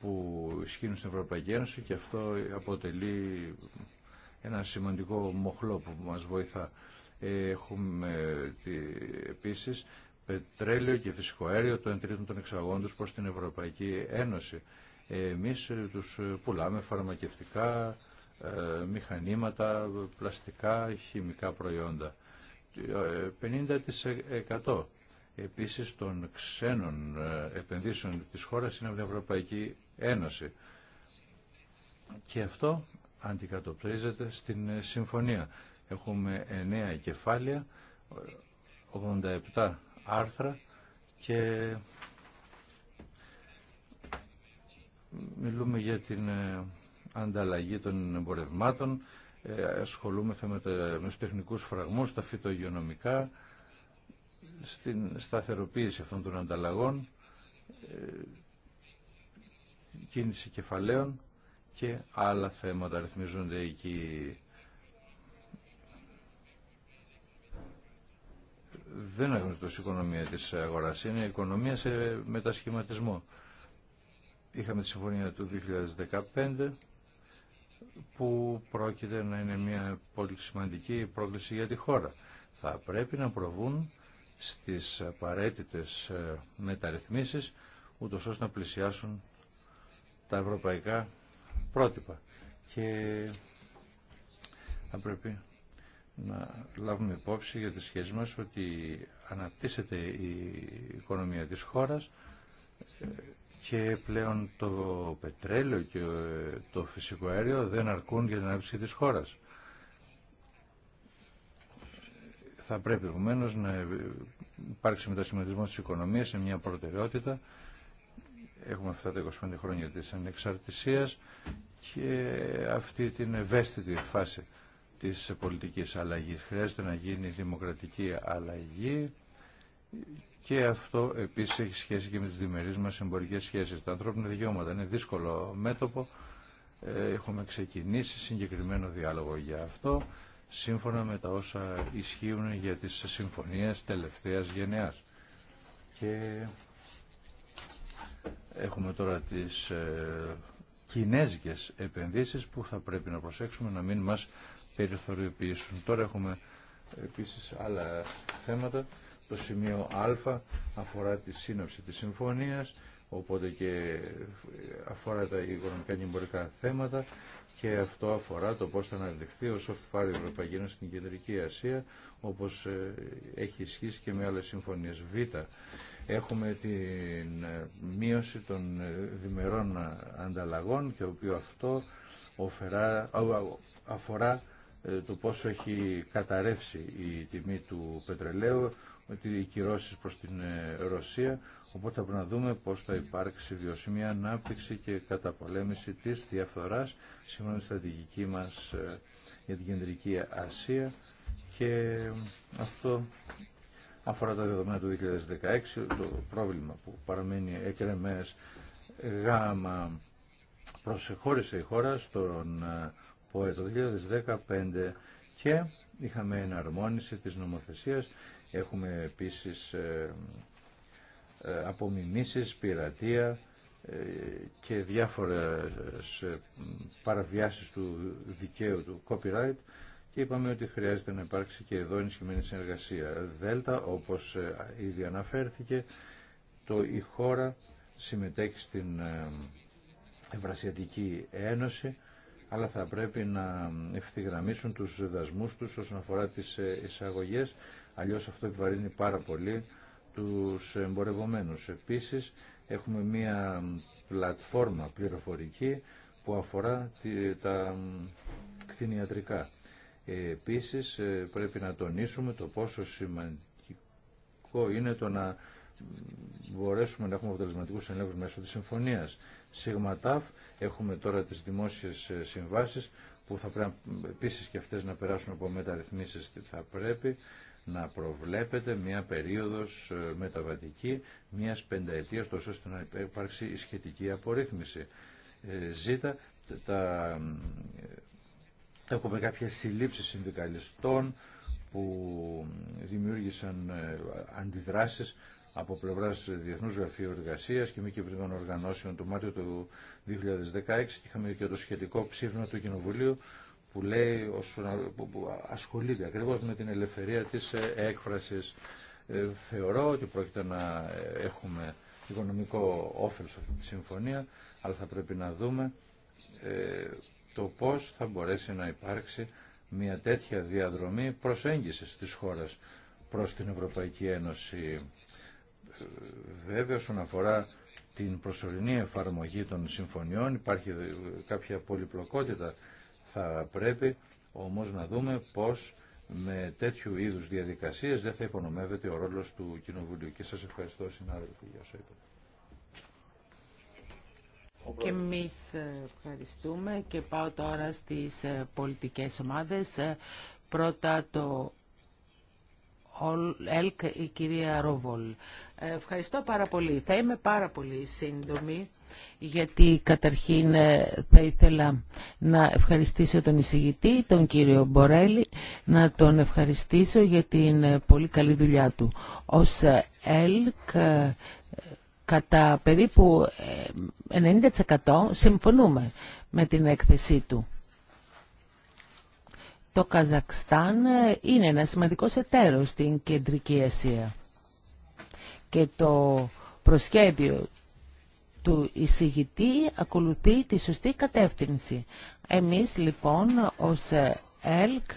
που ισχύουν στην Ευρωπαϊκή Ένωση και αυτό αποτελεί ένα σημαντικό μοχλό που μας βοηθά. Έχουμε επίσης πετρέλαιο και φυσικό αέριο το τρίτων των εξαγόντων προς την Ευρωπαϊκή Ένωση. Εμείς τους πουλάμε φαρμακευτικά, ε, μηχανήματα, πλαστικά, χημικά προϊόντα. 50% ε, επίσης των ξένων ε, επενδύσεων της χώρας είναι από την Ευρωπαϊκή Ένωση. Και αυτό αντικατοπτρίζεται στην συμφωνία. Έχουμε 9 κεφάλαια, 87 άρθρα και μιλούμε για την ανταλλαγή των εμπορευμάτων, ε, ασχολούμεθα με, με τους τεχνικούς φραγμούς, τα φυτογειονομικά, στην σταθεροποίηση αυτών των ανταλλαγών, ε, κίνηση κεφαλαίων και άλλα θέματα ρυθμίζονται εκεί. Δεν αγνωστώ οικονομία της αγοράς, είναι η οικονομία σε μετασχηματισμό. Είχαμε τη συμφωνία του 2015, που πρόκειται να είναι μια πολύ σημαντική πρόκληση για τη χώρα. Θα πρέπει να προβούν στις απαραίτητε ε, μεταρρυθμίσεις, ούτω ώστε να πλησιάσουν τα ευρωπαϊκά πρότυπα. Και θα πρέπει να λάβουμε υπόψη για τη σχέσεις μας ότι αναπτύσσεται η οικονομία της χώρας, ε, και πλέον το πετρέλαιο και ε, το φυσικό αέριο δεν αρκούν για την ανάπτυξη της χώρας. Θα πρέπει επομένω να υπάρξει μετασχηματισμό της οικονομίας σε μια προτεραιότητα. Έχουμε αυτά τα 25 χρόνια της ανεξαρτησίας και αυτή την ευαίσθητη φάση της πολιτικής αλλαγής. Χρειάζεται να γίνει δημοκρατική αλλαγή και αυτό επίσης έχει σχέση και με τις διμερείς μας εμπορικές σχέσεις. Τα ανθρώπινα δικαιώματα είναι δύσκολο μέτωπο. Ε, έχουμε ξεκινήσει συγκεκριμένο διάλογο για αυτό, σύμφωνα με τα όσα ισχύουν για τις συμφωνίες τελευταίας γενεάς. Και έχουμε τώρα τις ε, κινέζικες επενδύσεις που θα πρέπει να προσέξουμε να μην μας περιθωριοποιήσουν. Τώρα έχουμε ε, επίσης άλλα θέματα το σημείο Α αφορά τη σύνοψη της συμφωνίας, οπότε και αφορά τα οικονομικά και θέματα και αυτό αφορά το πώς θα αναδειχθεί ο soft η Ευρωπαϊκή στην Κεντρική Ασία, όπως ε, έχει ισχύσει και με άλλες συμφωνίες. Β. Έχουμε τη ε, μείωση των ε, διμερών ανταλλαγών, και οποίο αυτό αφορά το πόσο έχει καταρρεύσει η τιμή του πετρελαίου, με οι κυρώσει προς την ε, Ρωσία, οπότε θα πρέπει να δούμε πώς θα υπάρξει βιωσιμή ανάπτυξη και καταπολέμηση της διαφθοράς σύμφωνα με τη στρατηγική μας ε, για την Κεντρική Ασία και ε, αυτό αφορά τα δεδομένα του 2016, το πρόβλημα που παραμένει εκρεμές γάμα προσεχώρησε η χώρα στον ΠΟΕ το 2015 και είχαμε εναρμόνιση της νομοθεσίας Έχουμε επίσης ε, ε, απομιμήσεις, πειρατεία ε, και διάφορες παραβιάσεις του δικαίου του copyright και είπαμε ότι χρειάζεται να υπάρξει και εδώ ενισχυμένη συνεργασία. Δέλτα, όπως ήδη αναφέρθηκε, το η χώρα συμμετέχει στην Ευρασιατική Ένωση αλλά θα πρέπει να ευθυγραμμίσουν τους δασμούς τους όσον αφορά τις εισαγωγές Αλλιώς αυτό επιβαρύνει πάρα πολύ τους εμπορευομένους. Επίσης έχουμε μία πλατφόρμα πληροφορική που αφορά τα κτηνιατρικά. Ε, επίσης ε, πρέπει να τονίσουμε το πόσο σημαντικό είναι το να μπορέσουμε να έχουμε αποτελεσματικούς ελέγχους μέσω της συμφωνίας. ΣΥΓΜΑΤΑΦ έχουμε τώρα τις δημόσιες ε, συμβάσεις που θα πρέπει επίσης και αυτές να περάσουν από μεταρρυθμίσεις. Θα πρέπει να προβλέπεται μια περίοδος ε, μεταβατική μιας πενταετίας τόσο ώστε να υπάρξει η σχετική απορρίθμιση. Ε, ζήτα τα... Ε, έχουμε κάποιες συλλήψεις συνδικαλιστών που δημιούργησαν αντιδράσεις από πλευρά Διεθνού Γραφείου Εργασία και μη κυβερνών οργανώσεων του Μάρτιο του 2016 και είχαμε και το σχετικό ψήφισμα του Κοινοβουλίου που λέει που ασχολείται ακριβώς με την ελευθερία της ε, έκφρασης. Ε, θεωρώ ότι πρόκειται να ε, έχουμε οικονομικό όφελος αυτή τη συμφωνία, αλλά θα πρέπει να δούμε το πώς θα μπορέσει να υπάρξει μια τέτοια διαδρομή προσέγγισης της χώρας προς την Ευρωπαϊκή Ένωση. Βέβαια, όσον αφορά την προσωρινή εφαρμογή των συμφωνιών, υπάρχει κάποια πολυπλοκότητα θα πρέπει όμως να δούμε πώς με τέτοιου είδους διαδικασίες δεν θα υπονομεύεται ο ρόλος του Κοινοβουλίου. Και σας ευχαριστώ συνάδελφοι για όσα είπατε. Και εμεί ε, ευχαριστούμε και πάω τώρα στις ε, πολιτικές ομάδες. Ε, πρώτα το ΕΛΚ, η κυρία Ρόβολ. Ευχαριστώ πάρα πολύ. Θα είμαι πάρα πολύ σύντομη, γιατί καταρχήν ε, θα ήθελα να ευχαριστήσω τον εισηγητή, τον κύριο Μπορέλη, να τον ευχαριστήσω για την ε, πολύ καλή δουλειά του. Ως ε, ΕΛΚ κατά περίπου 90% συμφωνούμε με την έκθεσή του. Το Καζακστάν είναι ένα σημαντικό εταίρο στην Κεντρική Ασία και το προσχέδιο του εισηγητή ακολουθεί τη σωστή κατεύθυνση. Εμείς λοιπόν ως ΕΛΚ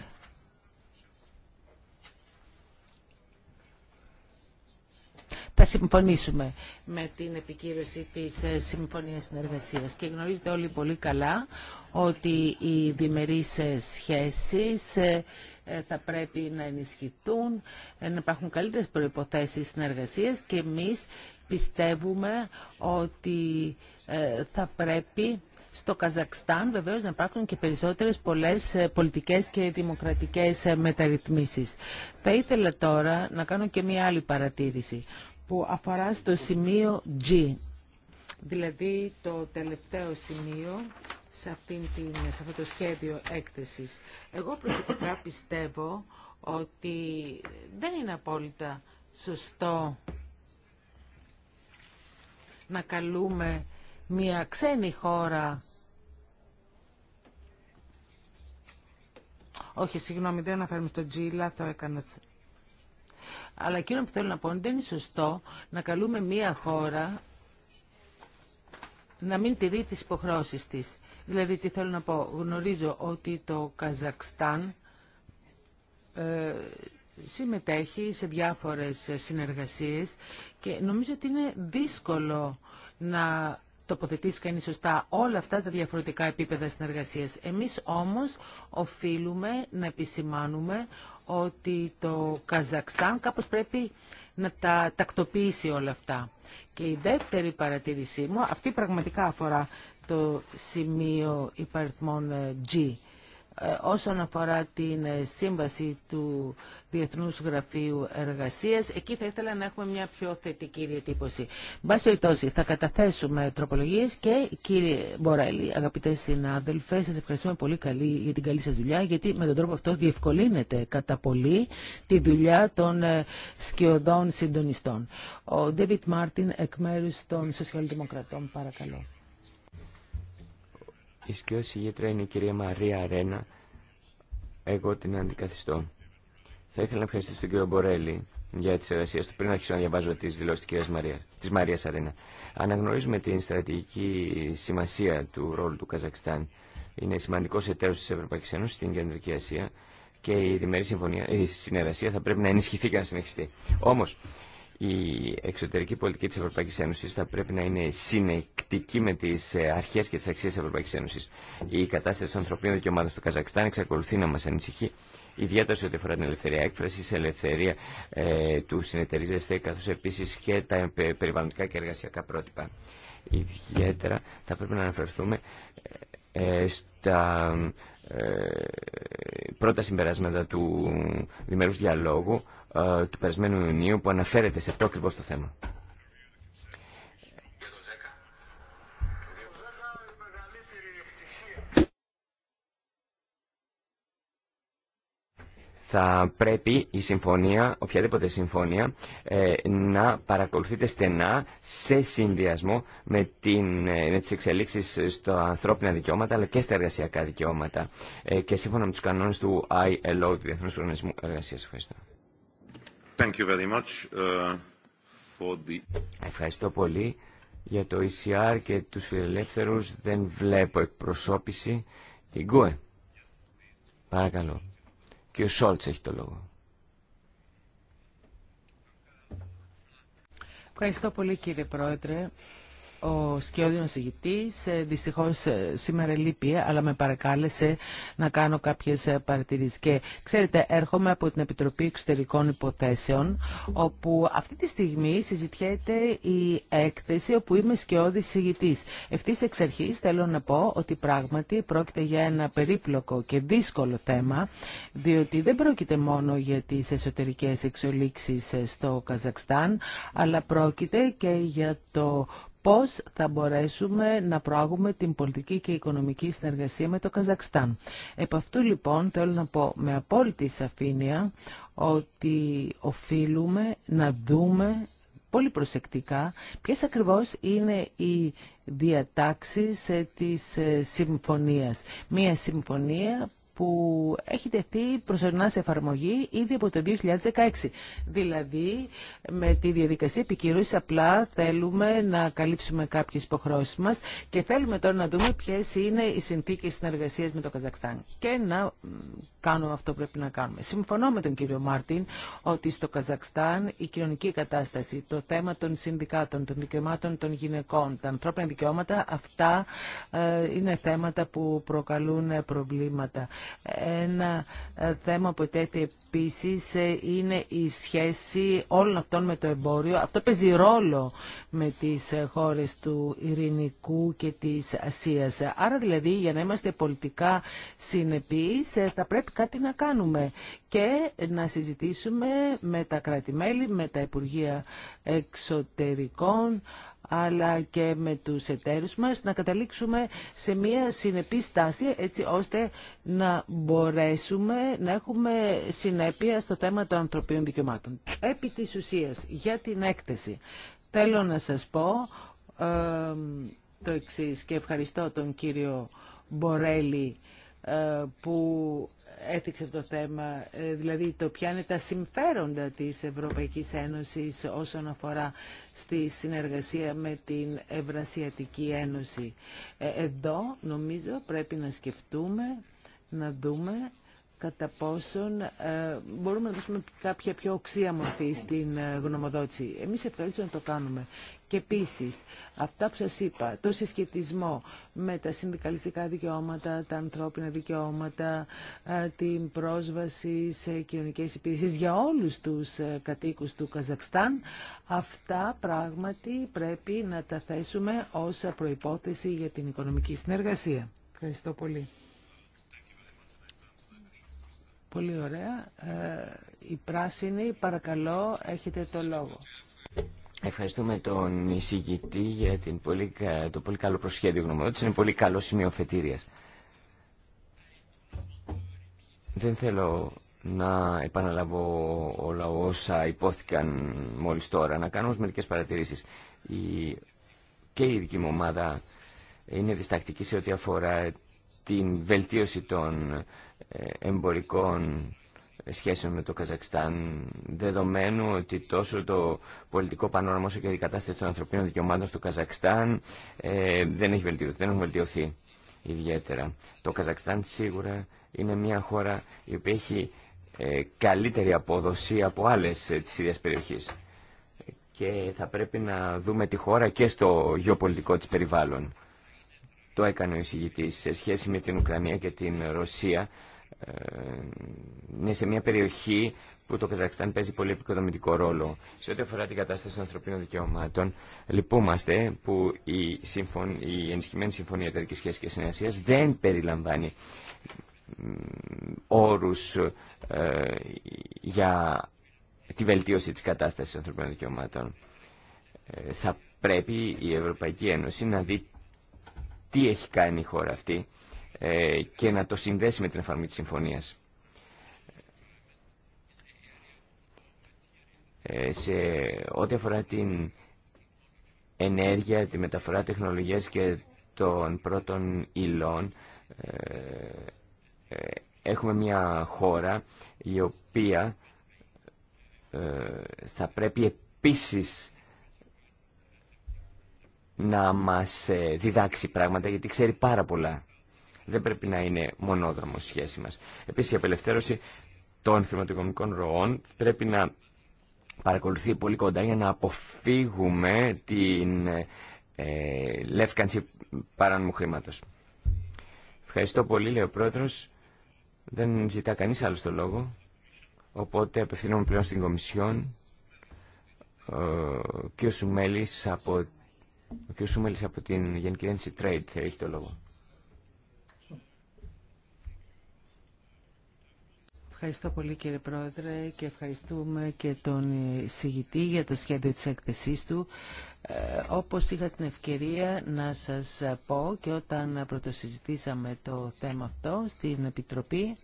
θα συμφωνήσουμε με την επικύρωση της ε, Συμφωνίας Συνεργασίας. Και γνωρίζετε όλοι πολύ καλά ότι οι διμερείς ε, σχέσεις ε, ε, θα πρέπει να ενισχυτούν, ε, να υπάρχουν καλύτερες προϋποθέσεις συνεργασίας και εμείς πιστεύουμε ότι ε, θα πρέπει στο Καζακστάν βεβαίως να υπάρχουν και περισσότερες πολλές πολιτικές και δημοκρατικές μεταρρυθμίσεις. Θα ήθελα τώρα να κάνω και μία άλλη παρατήρηση που αφορά στο σημείο G, δηλαδή το τελευταίο σημείο σε, αυτήν την, σε αυτό το σχέδιο έκθεσης. Εγώ προσωπικά πιστεύω ότι δεν είναι απόλυτα σωστό να καλούμε μια ξένη χώρα Όχι, συγγνώμη, δεν αναφέρουμε στο Τζίλα το έκανα. Αλλά εκείνο που θέλω να πω είναι δεν είναι σωστό να καλούμε μία χώρα να μην τηρεί τις υποχρώσεις της. Δηλαδή, τι θέλω να πω, γνωρίζω ότι το Καζακστάν ε, συμμετέχει σε διάφορες συνεργασίες και νομίζω ότι είναι δύσκολο να τοποθετήσει κανείς σωστά όλα αυτά τα διαφορετικά επίπεδα συνεργασίας. Εμείς όμως οφείλουμε να επισημάνουμε ότι το Καζακστάν κάπως πρέπει να τα τακτοποιήσει όλα αυτά. Και η δεύτερη παρατήρησή μου, αυτή πραγματικά αφορά το σημείο υπαριθμών ε, G. Ε, όσον αφορά την ε, σύμβαση του Διεθνούς Γραφείου Εργασίας, εκεί θα ήθελα να έχουμε μια πιο θετική διατύπωση. Μπας περιπτώσει, θα καταθέσουμε τροπολογίες και κύριε Μπορέλη, αγαπητέ συνάδελφες, σας ευχαριστούμε πολύ καλή, για την καλή σας δουλειά, γιατί με τον τρόπο αυτό διευκολύνεται κατά πολύ τη δουλειά των σκιωδών συντονιστών. Ο Ντέβιτ Μάρτιν, εκ μέρους των Σοσιαλδημοκρατών, παρακαλώ. Η σκιώση ηγέτρια είναι η κυρία Μαρία Αρένα. Εγώ την αντικαθιστώ. Θα ήθελα να ευχαριστήσω τον κύριο Μπορέλη για τι εργασίε του πριν αρχίσω να διαβάζω τι δηλώσει τη Μαρία Μαρίας Αρένα. Αναγνωρίζουμε την στρατηγική σημασία του ρόλου του Καζακστάν. Είναι σημαντικό εταίρο τη Ευρωπαϊκή Ένωση στην Κεντρική Ασία και η διμερή συμφωνία, η συνεργασία θα πρέπει να ενισχυθεί και να συνεχιστεί. Όμω, η εξωτερική πολιτική της Ευρωπαϊκής Ένωσης θα πρέπει να είναι συνεκτική με τις ε, αρχές και τις αξίες της Ευρωπαϊκής Ένωσης. Η κατάσταση των ανθρωπίνων δικαιωμάτων στο Καζακστάν εξακολουθεί να μας ανησυχεί, ιδιαίτερα σε ό,τι αφορά την ελευθερία έκφραση, ελευθερία ε, του συνεταιρίζεσθε, καθώ επίση και τα περιβαλλοντικά και εργασιακά πρότυπα. Ιδιαίτερα θα πρέπει να αναφερθούμε ε, στα ε, πρώτα συμπεράσματα του Δημερού διαλόγου ε, του περασμένου Ιουνίου που αναφέρεται σε αυτό ακριβώς το θέμα. θα πρέπει η συμφωνία, οποιαδήποτε συμφωνία, ε, να παρακολουθείται στενά σε συνδυασμό με, την, ε, με τις εξελίξεις στα ανθρώπινα δικαιώματα αλλά και στα εργασιακά δικαιώματα και σύμφωνα με τους κανόνες του ILO, του Διεθνούς Οργανισμού Εργασίας. Ευχαριστώ. Uh, Ευχαριστώ πολύ για το ECR και τους φιλελεύθερους. Δεν βλέπω εκπροσώπηση. Η Γκουε. Παρακαλώ. Και ο Σόλτς έχει το λόγο. Ευχαριστώ πολύ κύριε Πρόεδρε ο σκιώδης ηγητής ε, δυστυχώς ε, σήμερα λείπει αλλά με παρακάλεσε να κάνω κάποιες ε, παρατηρήσεις και ξέρετε έρχομαι από την Επιτροπή Εξωτερικών Υποθέσεων όπου αυτή τη στιγμή συζητιέται η έκθεση όπου είμαι σκιώδης ηγητής ευθύς εξ αρχής θέλω να πω ότι πράγματι πρόκειται για ένα περίπλοκο και δύσκολο θέμα διότι δεν πρόκειται μόνο για τις εσωτερικές εξολήξεις στο Καζακστάν αλλά πρόκειται και για το πώς θα μπορέσουμε να προάγουμε την πολιτική και οικονομική συνεργασία με το Καζακστάν. Επ' αυτού λοιπόν θέλω να πω με απόλυτη σαφήνεια ότι οφείλουμε να δούμε πολύ προσεκτικά ποιες ακριβώς είναι οι διατάξεις ε, της ε, συμφωνίας. Μία συμφωνία που έχει τεθεί προσωρινά σε εφαρμογή ήδη από το 2016. Δηλαδή, με τη διαδικασία επικύρωση απλά θέλουμε να καλύψουμε κάποιες υποχρεώσει μας και θέλουμε τώρα να δούμε ποιε είναι οι συνθήκε συνεργασία με το Καζακστάν και να κάνουμε αυτό που πρέπει να κάνουμε. Συμφωνώ με τον κύριο Μάρτιν ότι στο Καζακστάν η κοινωνική κατάσταση, το θέμα των συνδικάτων, των δικαιωμάτων των γυναικών, τα ανθρώπινα δικαιώματα, αυτά ε, είναι θέματα που προκαλούν προβλήματα. Ένα θέμα που τέτοιε Επίση ε, είναι η σχέση όλων αυτών με το εμπόριο. Αυτό παίζει ρόλο με τις ε, χώρες του Ειρηνικού και της Ασίας. Άρα δηλαδή για να είμαστε πολιτικά συνεπείς ε, θα πρέπει κάτι να κάνουμε και να συζητήσουμε με τα κράτη-μέλη, με τα Υπουργεία Εξωτερικών, αλλά και με τους εταίρους μας να καταλήξουμε σε μια συνεπή στάση έτσι ώστε να μπορέσουμε να έχουμε συνεπή συνέπεια στο θέμα των ανθρωπίνων δικαιωμάτων. Επί της ουσίας, για την έκθεση, θέλω να σας πω το εξής και ευχαριστώ τον κύριο Μπορέλη ε, που έθιξε το θέμα, ε, δηλαδή το ποια είναι τα συμφέροντα της Ευρωπαϊκής Ένωσης όσον αφορά στη συνεργασία με την Ευρασιατική Ένωση. Ε, εδώ νομίζω πρέπει να σκεφτούμε, να δούμε κατά πόσον ε, μπορούμε να δώσουμε κάποια πιο οξία μορφή στην ε, γνωμοδότηση. Εμείς ευχαριστούμε να το κάνουμε. Και επίση, αυτά που σας είπα, το συσχετισμό με τα συνδικαλιστικά δικαιώματα, τα ανθρώπινα δικαιώματα, ε, την πρόσβαση σε κοινωνικές υπηρεσίες για όλους τους κατοίκους του Καζακστάν, αυτά πράγματι πρέπει να τα θέσουμε ως προϋπόθεση για την οικονομική συνεργασία. Ευχαριστώ πολύ. Πολύ ωραία. Ε, η πράσινη, παρακαλώ, έχετε το λόγο. Ευχαριστούμε τον εισηγητή για την πολύ, το πολύ καλό προσχέδιο γνωμοδότηση. Είναι πολύ καλό σημείο φετήριας. Δεν θέλω να επαναλαβώ όλα όσα υπόθηκαν μόλις τώρα. Να κάνω όμως μερικές παρατηρήσεις. Η... Και η δική μου ομάδα είναι διστακτική σε ό,τι αφορά την βελτίωση των ε, εμπορικών σχέσεων με το Καζακστάν, δεδομένου ότι τόσο το πολιτικό πανόραμα όσο και η κατάσταση των ανθρωπίνων δικαιωμάτων στο Καζακστάν ε, δεν έχει βελτιωθεί, δεν έχουν βελτιωθεί ιδιαίτερα. Το Καζακστάν σίγουρα είναι μια χώρα η οποία έχει ε, καλύτερη απόδοση από άλλες ε, της ίδιας περιοχής και θα πρέπει να δούμε τη χώρα και στο γεωπολιτικό της περιβάλλον το έκανε ο εισηγητής σε σχέση με την Ουκρανία και την Ρωσία. Ε, είναι σε μια περιοχή που το Καζακστάν παίζει πολύ επικοδομητικό ρόλο. Σε ό,τι αφορά την κατάσταση των ανθρωπίνων δικαιωμάτων, λυπούμαστε που η, συμφων... η ενισχυμένη συμφωνία εταιρική σχέση και συνεργασία δεν περιλαμβάνει όρους ε, για τη βελτίωση της κατάστασης των ανθρωπίνων δικαιωμάτων. Ε, θα πρέπει η Ευρωπαϊκή Ένωση να δει τι έχει κάνει η χώρα αυτή ε, και να το συνδέσει με την εφαρμή της συμφωνίας. Ε, σε ό,τι αφορά την ενέργεια, τη μεταφορά τεχνολογίας και των πρώτων υλών, ε, έχουμε μια χώρα η οποία θα πρέπει επίσης να μας ε, διδάξει πράγματα γιατί ξέρει πάρα πολλά. Δεν πρέπει να είναι μονόδρομος η σχέση μας. Επίσης η απελευθέρωση των χρηματοοικονομικών ροών πρέπει να παρακολουθεί πολύ κοντά για να αποφύγουμε την ε, λεύκανση παράνομου χρήματος. Ευχαριστώ πολύ, λέει ο Πρόεδρος. Δεν ζητά κανείς άλλο το λόγο. Οπότε απευθύνομαι πλέον στην Κομισιόν. Ο Σουμέλης από ο κ. Σούμελης από την Γενική Ένση Trade θα έχει το λόγο. Ευχαριστώ πολύ κύριε Πρόεδρε και ευχαριστούμε και τον συγητή για το σχέδιο της έκθεσής του. Ε, όπως είχα την ευκαιρία να σας πω και όταν πρωτοσυζητήσαμε το θέμα αυτό στην Επιτροπή,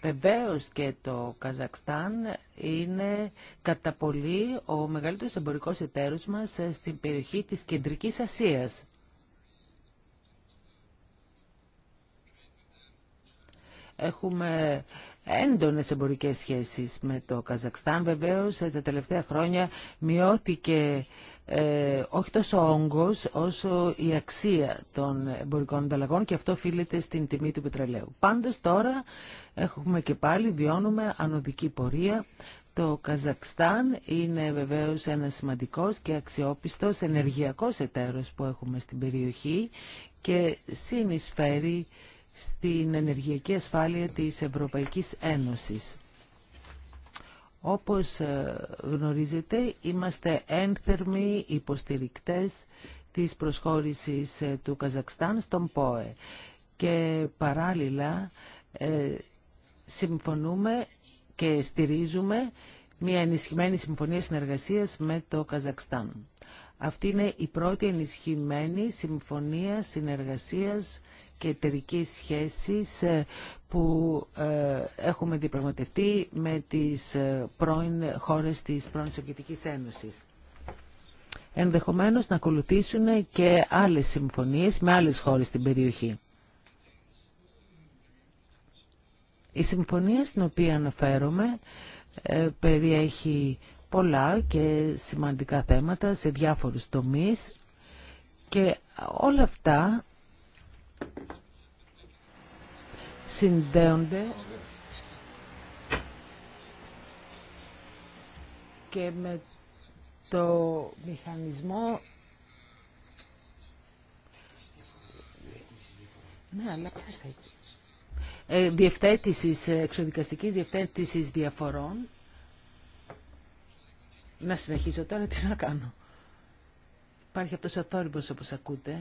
βεβαίω και το Καζακστάν είναι κατά πολύ ο μεγαλύτερος εμπορικός εταίρος μας στην περιοχή της Κεντρικής Ασίας. Έχουμε έντονες εμπορικές σχέσεις με το Καζακστάν. Βεβαίως, τα τελευταία χρόνια μειώθηκε ε, όχι τόσο όγκος όσο η αξία των εμπορικών ανταλλαγών και αυτό οφείλεται στην τιμή του πετρελαίου. Πάντως τώρα έχουμε και πάλι, βιώνουμε ανωδική πορεία. Το Καζακστάν είναι βεβαίως ένα σημαντικός και αξιόπιστος ενεργειακός εταίρος που έχουμε στην περιοχή και συνεισφέρει στην ενεργειακή ασφάλεια της Ευρωπαϊκής Ένωσης. Όπως ε, γνωρίζετε, είμαστε ένθερμοι υποστηρικτές της προσχώρησης ε, του Καζακστάν στον ΠΟΕ και παράλληλα ε, συμφωνούμε και στηρίζουμε μια ενισχυμένη συμφωνία συνεργασίας με το Καζακστάν. Αυτή είναι η πρώτη ενισχυμένη συμφωνία συνεργασίας και εταιρική σχέσης ε, που ε, έχουμε διαπραγματευτεί με τις ε, πρώην χώρες της πρώην Σοβιετικής Ένωσης. Ενδεχομένως να ακολουθήσουν και άλλες συμφωνίες με άλλες χώρες στην περιοχή. Η συμφωνία στην οποία αναφέρομαι περιέχει πολλά και σημαντικά θέματα σε διάφορους τομείς και όλα αυτά συνδέονται και με το μηχανισμό ναι, αλλά ε, διευθέτησης, διευθέτησης διαφορών να συνεχίζω τώρα, τι να κάνω. Υπάρχει αυτός ο θόρυβος όπως ακούτε.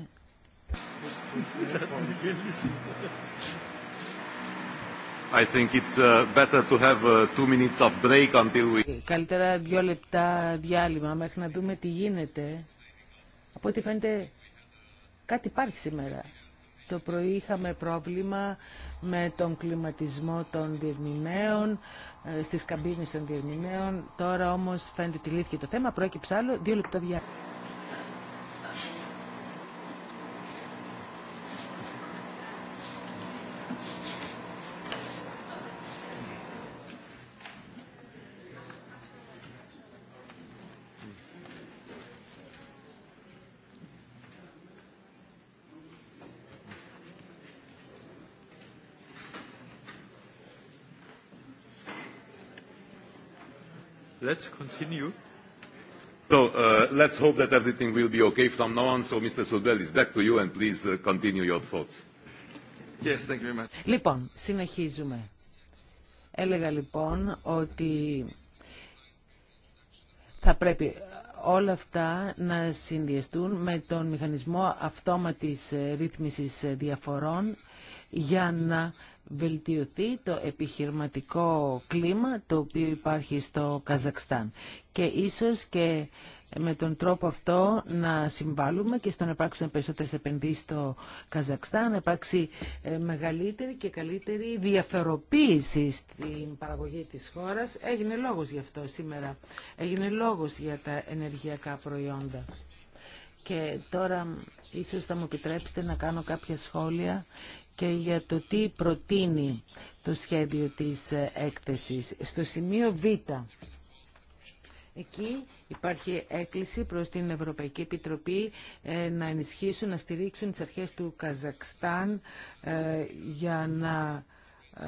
I think it's uh, better to have uh, two minutes of break until we... Καλύτερα δύο λεπτά διάλειμμα μέχρι να δούμε τι γίνεται. Από ό,τι φαίνεται κάτι υπάρχει σήμερα. Το πρωί είχαμε πρόβλημα με τον κλιματισμό των διερμηνέων. Ε, στις καμπίνες των διερμηνέων. Τώρα όμως φαίνεται ότι λύθηκε το θέμα. Πρόκειψε άλλο. Δύο λεπτά διάρκεια. let's continue. So uh, let's hope that everything will be okay from now on. So Mr. Sobel is back to you and please uh, continue your thoughts. Yes, thank you very much. Λοιπόν, συνεχίζουμε. Έλεγα λοιπόν ότι θα πρέπει όλα αυτά να συνδυαστούν με τον μηχανισμό αυτόματης ρύθμισης διαφορών για να βελτιωθεί το επιχειρηματικό κλίμα το οποίο υπάρχει στο Καζακστάν και ίσως και με τον τρόπο αυτό να συμβάλλουμε και στο να υπάρξουν περισσότερες επενδύσεις στο Καζακστάν, να υπάρξει ε, μεγαλύτερη και καλύτερη διαφεροποίηση στην παραγωγή της χώρας. Έγινε λόγος γι' αυτό σήμερα. Έγινε λόγος για τα ενεργειακά προϊόντα. Και τώρα ίσως θα μου επιτρέψετε να κάνω κάποια σχόλια και για το τι προτείνει το σχέδιο της έκθεσης. Στο σημείο Β. Εκεί υπάρχει έκκληση προς την Ευρωπαϊκή Επιτροπή ε, να ενισχύσουν, να στηρίξουν τις αρχές του Καζακστάν ε, για να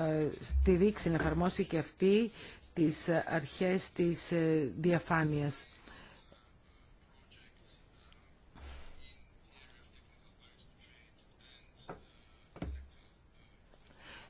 ε, στηρίξει, να εφαρμόσει και αυτή τις αρχές της διαφάνειας.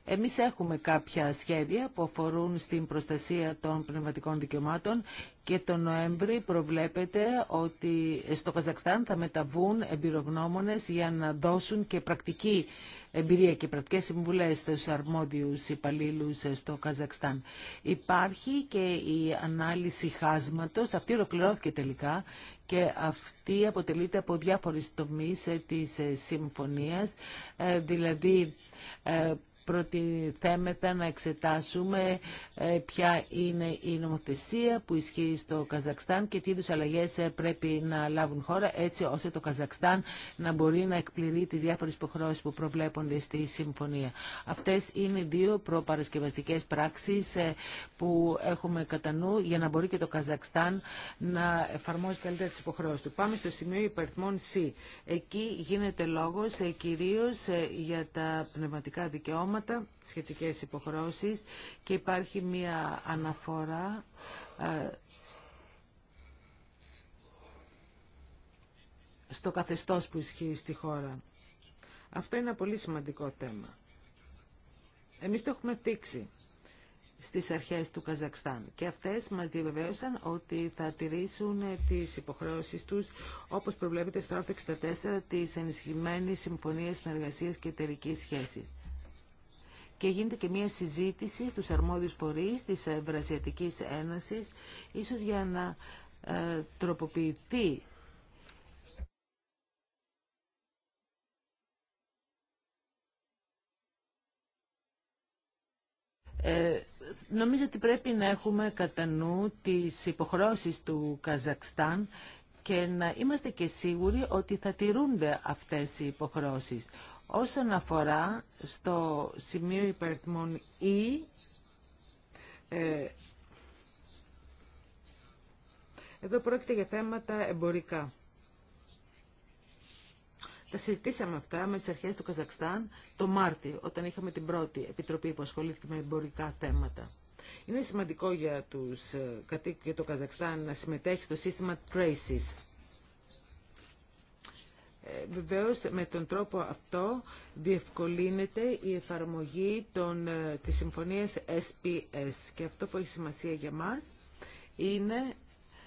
Εμείς έχουμε κάποια σχέδια που αφορούν στην προστασία των πνευματικών δικαιωμάτων και τον Νοέμβρη προβλέπεται ότι στο Καζακστάν θα μεταβούν εμπειρογνώμονες για να δώσουν και πρακτική εμπειρία και πρακτικές συμβουλές στους αρμόδιους υπαλλήλους στο Καζακστάν. Υπάρχει και η ανάλυση χάσματος, αυτή ολοκληρώθηκε τελικά και αυτή αποτελείται από διάφορες τομείς της συμφωνίας, ε, δηλαδή ε, προτιθέμεθα να εξετάσουμε ε, ποια είναι η νομοθεσία που ισχύει στο Καζακστάν και τι είδου αλλαγέ ε, πρέπει να λάβουν χώρα έτσι ώστε το Καζακστάν να μπορεί να εκπληρεί τι διάφορε υποχρεώσει που προβλέπονται στη συμφωνία. Αυτέ είναι δύο προπαρασκευαστικέ πράξει ε, που έχουμε κατά νου για να μπορεί και το Καζακστάν να εφαρμόζει καλύτερα τι υποχρεώσει του. Πάμε στο σημείο υπερθμών C. Εκεί γίνεται λόγο κυρίω για τα πνευματικά δικαιώματα δικαιώματα, σχετικές υποχρεώσεις και υπάρχει μία αναφορά ε, στο καθεστώς που ισχύει στη χώρα. Αυτό είναι ένα πολύ σημαντικό θέμα. Εμείς το έχουμε δείξει στις αρχές του Καζακστάν και αυτές μας διαβεβαίωσαν ότι θα τηρήσουν τις υποχρεώσεις τους όπως προβλέπεται στο άρθρο 64 της ενισχυμένης συμφωνίας συνεργασίας και εταιρικής σχέσης και γίνεται και μια συζήτηση στους αρμόδιους φορείς της Ευρασιατικής Ένωσης, ίσως για να ε, τροποποιηθεί Ε, νομίζω ότι πρέπει να έχουμε κατά νου τις υποχρώσεις του Καζακστάν και να είμαστε και σίγουροι ότι θα τηρούνται αυτές οι υποχρώσεις. Όσον αφορά στο σημείο υπερθμών E, ε, εδώ πρόκειται για θέματα εμπορικά. Τα συζητήσαμε αυτά με τις αρχές του Καζακστάν το Μάρτιο, όταν είχαμε την πρώτη επιτροπή που ασχολήθηκε με εμπορικά θέματα. Είναι σημαντικό για, τους, ε, για το Καζακστάν να συμμετέχει στο σύστημα Traces. Ε, βεβαίως με τον τρόπο αυτό διευκολύνεται η εφαρμογή των, ε, της συμφωνίας SPS και αυτό που έχει σημασία για μας είναι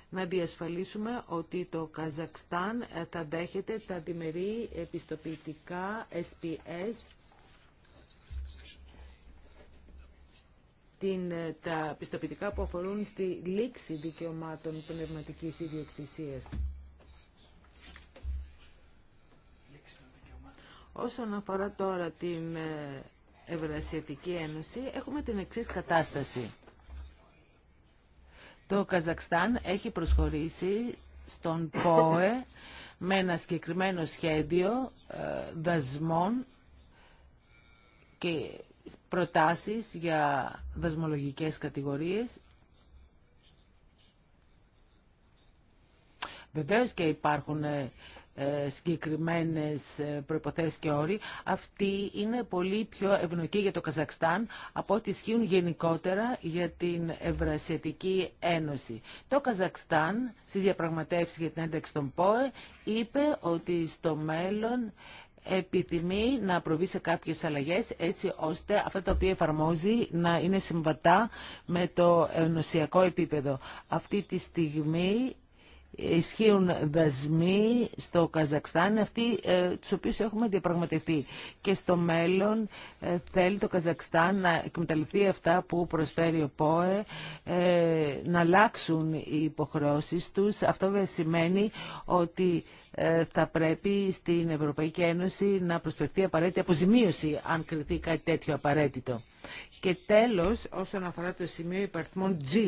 να διασφαλίσουμε ότι το Καζακστάν ε, θα δέχεται τα διμερεί επιστοποιητικά SPS την, τα επιστοποιητικά που αφορούν στη λήξη δικαιωμάτων πνευματικής ιδιοκτησίας. Όσον αφορά τώρα την ε, Ευρασιατική Ένωση, έχουμε την εξή κατάσταση. Το Καζακστάν έχει προσχωρήσει στον ΠΟΕ με ένα συγκεκριμένο σχέδιο ε, δασμών και προτάσεις για δασμολογικές κατηγορίες. Βεβαίως και υπάρχουν ε, ε, συγκεκριμένες ε, προϋποθέσεις και όροι, αυτή είναι πολύ πιο ευνοϊκή για το Καζακστάν από ό,τι ισχύουν γενικότερα για την Ευρασιατική Ένωση. Το Καζακστάν στις διαπραγματεύσεις για την ένταξη των ΠΟΕ είπε ότι στο μέλλον επιθυμεί να προβεί σε κάποιες αλλαγές έτσι ώστε αυτά τα οποία εφαρμόζει να είναι συμβατά με το ενωσιακό επίπεδο. Αυτή τη στιγμή ισχύουν δασμοί στο Καζακστάν, αυτοί ε, τους οποίους έχουμε διαπραγματευτεί. Και στο μέλλον ε, θέλει το Καζακστάν να εκμεταλλευτεί αυτά που προσφέρει ο ΠΟΕ, ε, να αλλάξουν οι υποχρεώσεις τους. Αυτό βέβαια σημαίνει ότι ε, θα πρέπει στην Ευρωπαϊκή Ένωση να προσφερθεί απαραίτητη αποζημίωση, αν κριθεί κάτι τέτοιο απαραίτητο. Και τέλος, όσον αφορά το σημείο υπαρθμών G,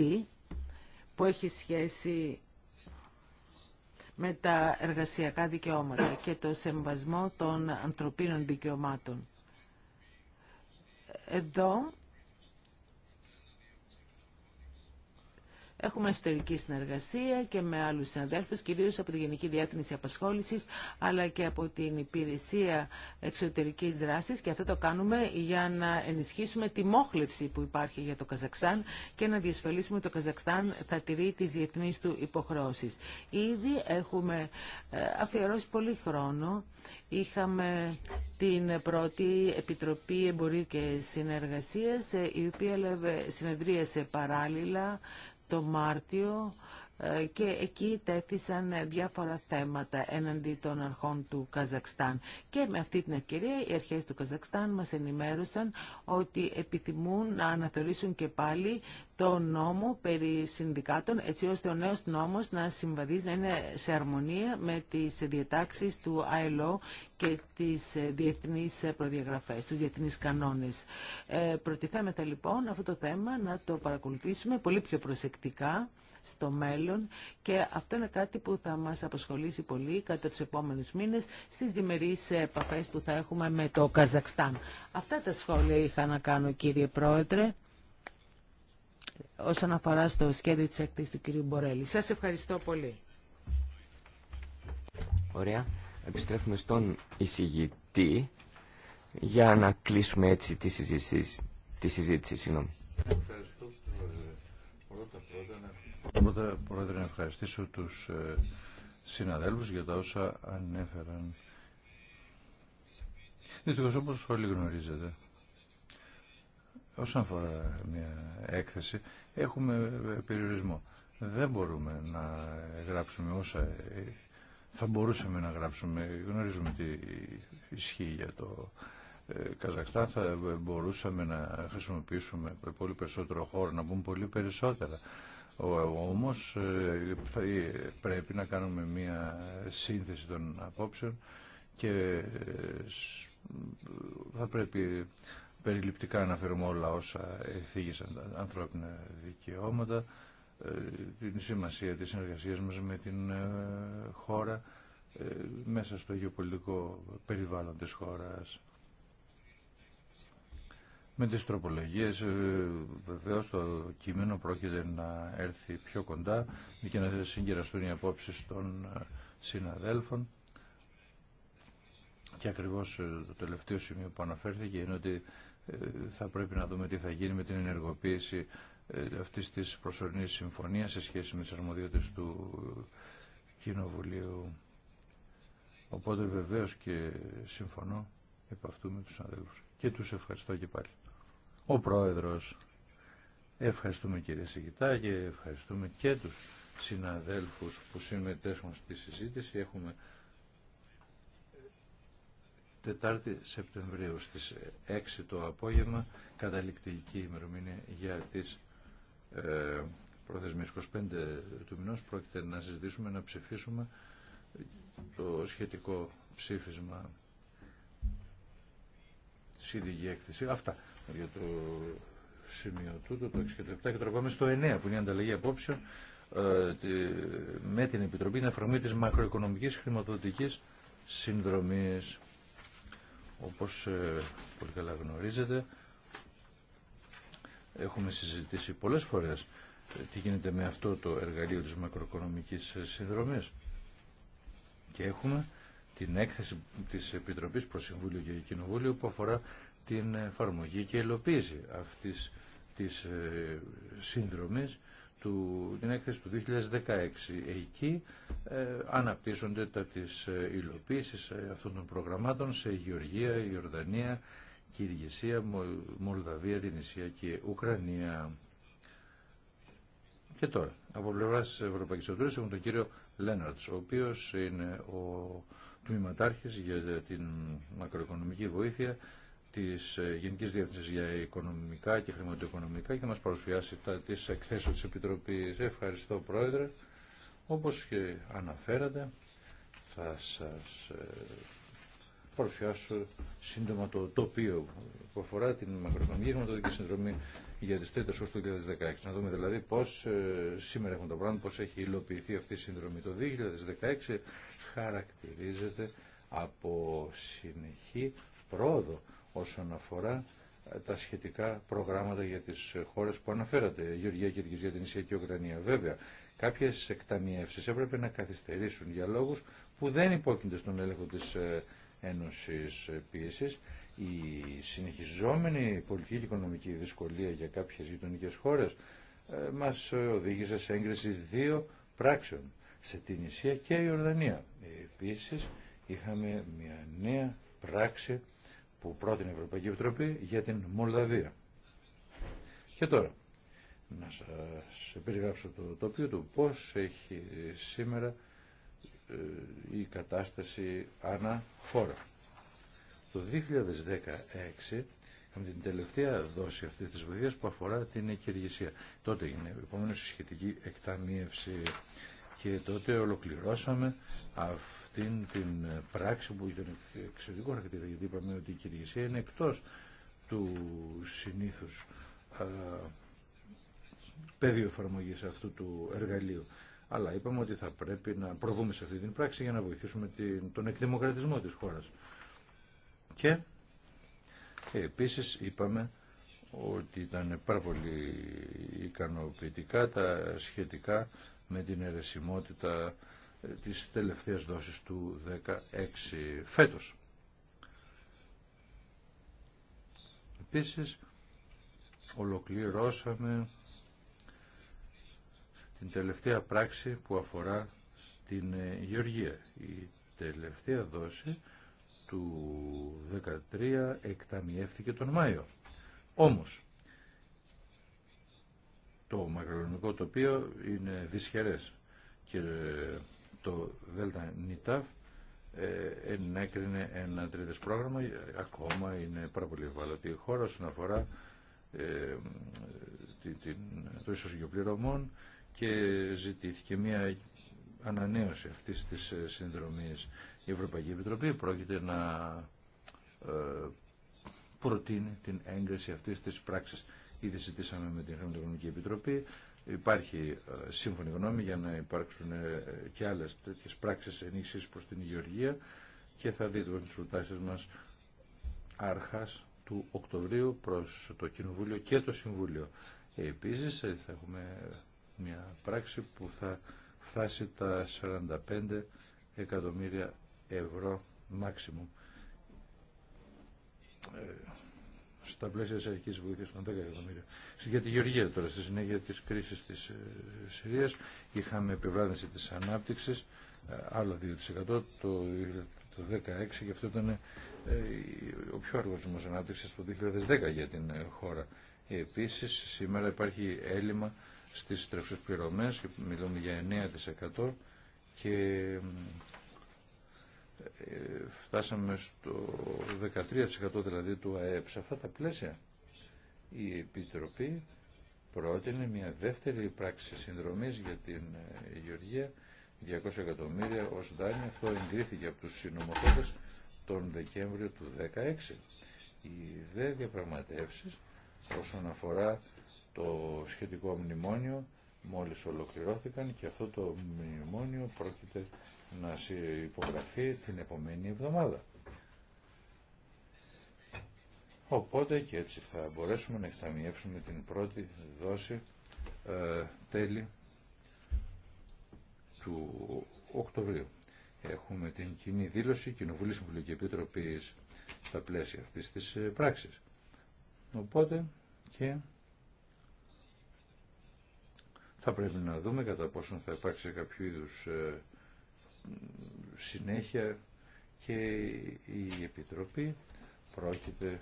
που έχει σχέση με τα εργασιακά δικαιώματα και το σεμβασμό των ανθρωπίνων δικαιωμάτων. Εδώ Έχουμε εσωτερική συνεργασία και με άλλους συναδέλφους, κυρίως από τη Γενική Διεύθυνση Απασχόλησης, αλλά και από την Υπηρεσία Εξωτερικής Δράσης και αυτό το κάνουμε για να ενισχύσουμε τη μόχλευση που υπάρχει για το Καζακστάν και να διασφαλίσουμε ότι το Καζακστάν θα τηρεί τις διεθνείς του υποχρεώσεις. Ήδη έχουμε ε, αφιερώσει πολύ χρόνο. Είχαμε την πρώτη Επιτροπή Εμπορίου και Συνεργασίας, ε, η οποία συνεδρίασε παράλληλα το Μάρτιο ε, και εκεί τέθησαν διάφορα θέματα έναντι των αρχών του Καζακστάν. Και με αυτή την ευκαιρία οι αρχές του Καζακστάν μας ενημέρωσαν ότι επιθυμούν να αναθεωρήσουν και πάλι το νόμο περί συνδικάτων έτσι ώστε ο νέος νόμος να συμβαδίζει να είναι σε αρμονία με τις διατάξεις του ILO και τις διεθνείς προδιαγραφές, τους διεθνείς κανόνες. Ε, προτιθέμεθα λοιπόν αυτό το θέμα να το παρακολουθήσουμε πολύ πιο προσεκτικά στο μέλλον και αυτό είναι κάτι που θα μας απασχολήσει πολύ κατά τους επόμενους μήνες στις διμερείς επαφές που θα έχουμε με το Καζακστάν. Αυτά τα σχόλια είχα να κάνω κύριε Πρόεδρε όσον αφορά στο σχέδιο της εκτής του κυρίου Μπορέλη. Σας ευχαριστώ πολύ. Ωραία. Επιστρέφουμε στον εισηγητή για να κλείσουμε έτσι τη συζήτηση. Τη συζήτηση Πρώτα, Πρόεδρε, να ευχαριστήσω τους ε, συναδέλφους για τα όσα ανέφεραν. Δυστυχώς, όπως όλοι γνωρίζετε, όσον αφορά μια έκθεση, έχουμε ε, περιορισμό. Δεν μπορούμε να γράψουμε όσα ε, θα μπορούσαμε να γράψουμε. Γνωρίζουμε τι ισχύει για το Καζακστάν. Θα μπορούσαμε να χρησιμοποιήσουμε πολύ περισσότερο χώρο, να πούμε πολύ περισσότερα. Όμως ε, ε, πρέπει να κάνουμε μία σύνθεση των απόψεων και ε, θα πρέπει περιληπτικά να φέρουμε όλα όσα εθίγησαν τα ανθρώπινα δικαιώματα, την σημασία της συνεργασίας μας με την χώρα μέσα στο γεωπολιτικό περιβάλλον της χώρας. Με τις τροπολογίες ε, βεβαίως το κείμενο πρόκειται να έρθει πιο κοντά και να συγκεραστούν οι απόψεις των ε, συναδέλφων. Και ακριβώς ε, το τελευταίο σημείο που αναφέρθηκε είναι ότι θα πρέπει να δούμε τι θα γίνει με την ενεργοποίηση αυτής της προσωρινής συμφωνίας σε σχέση με τις αρμοδιότητες του Κοινοβουλίου. Οπότε βεβαίως και συμφωνώ επ' αυτού με τους συναδέλφους. Και τους ευχαριστώ και πάλι. Ο Πρόεδρος. Ευχαριστούμε κύριε Σιγητά και ευχαριστούμε και τους συναδέλφους που συμμετέχουν στη συζήτηση. Έχουμε Τετάρτη Σεπτεμβρίου στις 6 το απόγευμα καταληκτική ημερομηνία για τις ε, προθεσμίες 25 του μηνός πρόκειται να συζητήσουμε, να ψηφίσουμε το σχετικό ψήφισμα σχετική έκθεση. Αυτά για το σημείο τούτο, το 6 και το 7. Και τώρα πάμε στο 9 που είναι η ανταλλαγή απόψεων ε, με την Επιτροπή να εφαρμογή της μακροοικονομικής χρηματοδοτικής συνδρομής. Όπως ε, πολύ καλά γνωρίζετε, έχουμε συζητήσει πολλές φορές ε, τι γίνεται με αυτό το εργαλείο τη μακροοικονομικής συνδρομής. Και έχουμε την έκθεση της Επιτροπής προς Συμβούλιο και Κοινοβούλιο που αφορά την εφαρμογή και υλοποίηση αυτής της ε, σύνδρομης του, την έκθεση του 2016. Εκεί ε, αναπτύσσονται τα της ε, υλοποίησης ε, αυτών των προγραμμάτων σε Γεωργία, Ιορδανία, Κυργισία, Μολδαβία, Δινησία και Ουκρανία. Και τώρα, από πλευρά τη Ευρωπαϊκή Οντρία έχουμε τον κύριο Λέναρτ, ο οποίο είναι ο τμήματάρχης για την μακροοικονομική βοήθεια της ε, Γενικής Διεύθυνσης για Οικονομικά και Χρηματοοικονομικά και μας παρουσιάσει τα της εκθέσεις της Επιτροπής. Ευχαριστώ Πρόεδρε. Όπως και αναφέρατε θα σας ε, παρουσιάσω σύντομα το τοπίο που αφορά την μακροοικονομική χρηματοδοτική συνδρομή για τις 3 του 2016. Να δούμε δηλαδή πώς ε, σήμερα έχουμε τον πράγμα, πώς έχει υλοποιηθεί αυτή η συνδρομή. Το 2016 χαρακτηρίζεται από συνεχή πρόοδο όσον αφορά ε, τα σχετικά προγράμματα για τις χώρες που αναφέρατε, Γεωργία και για την Ισία και Ουκρανία. Βέβαια, κάποιες εκταμιεύσεις έπρεπε να καθυστερήσουν για λόγους που δεν υπόκεινται στον έλεγχο της ε, Ένωσης πίεσης. Η συνεχιζόμενη πολιτική και οικονομική δυσκολία για κάποιες γειτονικές χώρες ε, μας οδήγησε σε έγκριση δύο πράξεων σε την Ισία και η Ορδανία. Επίσης είχαμε μια νέα πράξη που πρότεινε η Ευρωπαϊκή Επιτροπή για την Μολδαβία. Και τώρα, να σας περιγράψω το τοπίο του πώς έχει σήμερα ε, η κατάσταση ανά χώρα. Το 2016 είχαμε την τελευταία δόση αυτή της βοηθείας που αφορά την εκεργησία. Τότε είναι επόμενος η σχετική εκταμίευση και τότε ολοκληρώσαμε αυτήν την ε, πράξη που ήταν εξαιρετικό χαρακτήρα γιατί είπαμε ότι η Κυριασία είναι εκτός του συνήθους α, πεδίο εφαρμογή αυτού του εργαλείου. Αλλά είπαμε ότι θα πρέπει να προβούμε σε αυτή την πράξη για να βοηθήσουμε την, τον εκδημοκρατισμό της χώρας. Και ε, επίσης είπαμε ότι ήταν πάρα πολύ ικανοποιητικά τα σχετικά με την αιρεσιμότητα ε, της τελευταίας δόσης του 16 φέτος. Επίσης, ολοκληρώσαμε την τελευταία πράξη που αφορά την ε, γεωργία. Η τελευταία δόση του 13 εκταμιεύθηκε τον Μάιο. Όμως, το το τοπίο είναι δυσχερές και το ΔΕΛΤΑ ΝΙΤΑΦ ε, ενέκρινε ένα τρίτες πρόγραμμα ακόμα είναι πάρα πολύ ευάλωτη η χώρα όσον αφορά ε, την, το ίσως γεωπληρωμών και ζητήθηκε μια ανανέωση αυτής της ε, συνδρομής η Ευρωπαϊκή Επιτροπή πρόκειται να προτείνει την έγκριση αυτής της πράξης Ήδη συζητήσαμε με την Χρηματοοικονομική Επιτροπή. Υπάρχει ε, σύμφωνη γνώμη για να υπάρξουν ε, και άλλες τέτοιες πράξεις ενίσχυσης προ την υγειοργία και θα δείτε τι προτάσεις μας αρχάς του Οκτωβρίου προς το Κοινοβούλιο και το Συμβούλιο. Επίσης ε, θα έχουμε μια πράξη που θα φτάσει τα 45 εκατομμύρια ευρώ μάξιμου στα πλαίσια τη αρχική βοήθεια των 10 εκατομμύρια. Για τη Γεωργία τώρα, στη συνέχεια της κρίσης της ε, Συρίας, είχαμε επιβράδυνση τη ανάπτυξη. Ε, άλλο 2% το 2016 και αυτό ήταν ε, ο πιο αργός ανάπτυξη ανάπτυξης το 2010 για την χώρα. Επίσης, σήμερα υπάρχει έλλειμμα στις τρέχουσες μιλούμε για 9% και φτάσαμε στο 13% δηλαδή του ΑΕΠ. Σε αυτά τα πλαίσια η Επιτροπή πρότεινε μια δεύτερη πράξη συνδρομής για την ε, Γεωργία 200 εκατομμύρια ως δάνεια. Αυτό εγκρίθηκε από τους συνομοθέτες τον Δεκέμβριο του 2016. Οι δε διαπραγματεύσεις όσον αφορά το σχετικό μνημόνιο μόλις ολοκληρώθηκαν και αυτό το μνημόνιο πρόκειται να υπογραφεί την επόμενη εβδομάδα. Οπότε και έτσι θα μπορέσουμε να εκταμιεύσουμε την πρώτη δόση ε, τέλη του Οκτωβρίου. Έχουμε την κοινή δήλωση Κοινοβουλή Συμβουλική Επιτροπή στα πλαίσια αυτής της ε, πράξης. Οπότε και θα πρέπει να δούμε κατά πόσο θα υπάρξει κάποιο είδους ε, συνέχεια και η Επιτροπή πρόκειται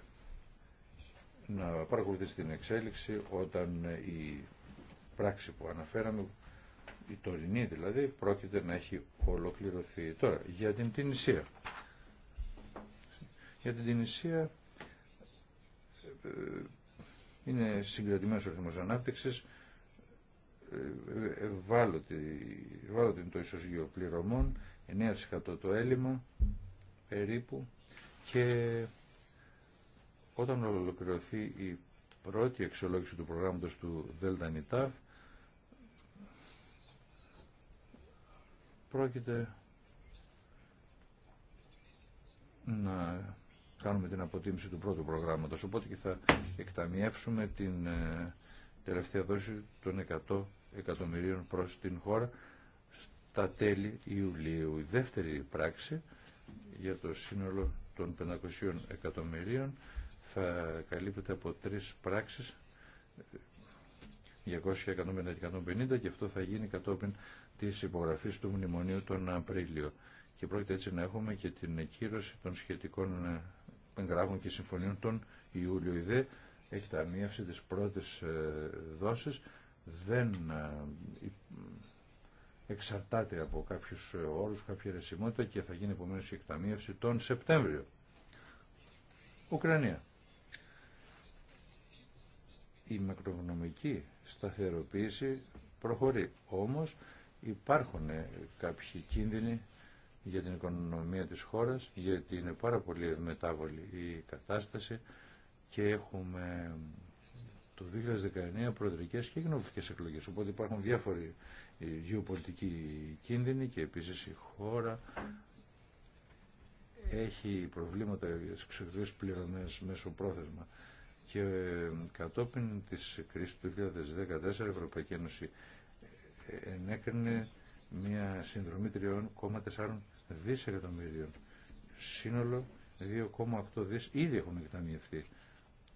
να παρακολουθεί την εξέλιξη όταν η πράξη που αναφέραμε, η τωρινή δηλαδή, πρόκειται να έχει ολοκληρωθεί. Τώρα, για την Τινησία. Για την Τινησία ε, ε, είναι συγκρατημένος ο ρυθμός ανάπτυξης, ευάλωτη είναι το ισοζύγιο πληρωμών, 9% το έλλειμμα περίπου και όταν ολοκληρωθεί η πρώτη εξολόγηση του προγράμματος του ΔΕΛΤΑ πρόκειται να κάνουμε την αποτίμηση του πρώτου προγράμματος οπότε και θα εκταμιεύσουμε την ε, τελευταία δόση των 100 εκατομμυρίων προς την χώρα στα τέλη Ιουλίου. Η δεύτερη πράξη για το σύνολο των 500 εκατομμυρίων θα καλύπτεται από τρεις πράξεις 200, 150 150 και αυτό θα γίνει κατόπιν της υπογραφής του Μνημονίου τον Απρίλιο. Και πρόκειται έτσι να έχουμε και την εκκύρωση των σχετικών ε, εγγράφων και συμφωνίων τον Ιούλιο. Η εκταμείευση τις πρώτες ε, δόσεις, δεν ε, εξαρτάται από κάποιους ε, όρους, κάποια ρεσιμότητα και θα γίνει επομένως η εκταμείευση τον Σεπτέμβριο. Ουκρανία. Η μακρογνωμική σταθεροποίηση προχωρεί. Όμως υπάρχουν κάποιοι κίνδυνοι για την οικονομία της χώρας, γιατί είναι πάρα πολύ μετάβολη η κατάσταση και έχουμε το 2019 προεδρικές και κοινοβουλευτικές εκλογές. Οπότε υπάρχουν διάφοροι ε, γεωπολιτικοί κίνδυνοι και επίσης η χώρα έχει προβλήματα εξωτερικές πληρωμές μέσω πρόθεσμα. Και ε, κατόπιν της κρίσης του 2014 η Ευρωπαϊκή Ένωση ε, ενέκρινε μια συνδρομή 3,4 δισεκατομμύριων. Σύνολο 2,8 δις ήδη έχουν εκταμιευθεί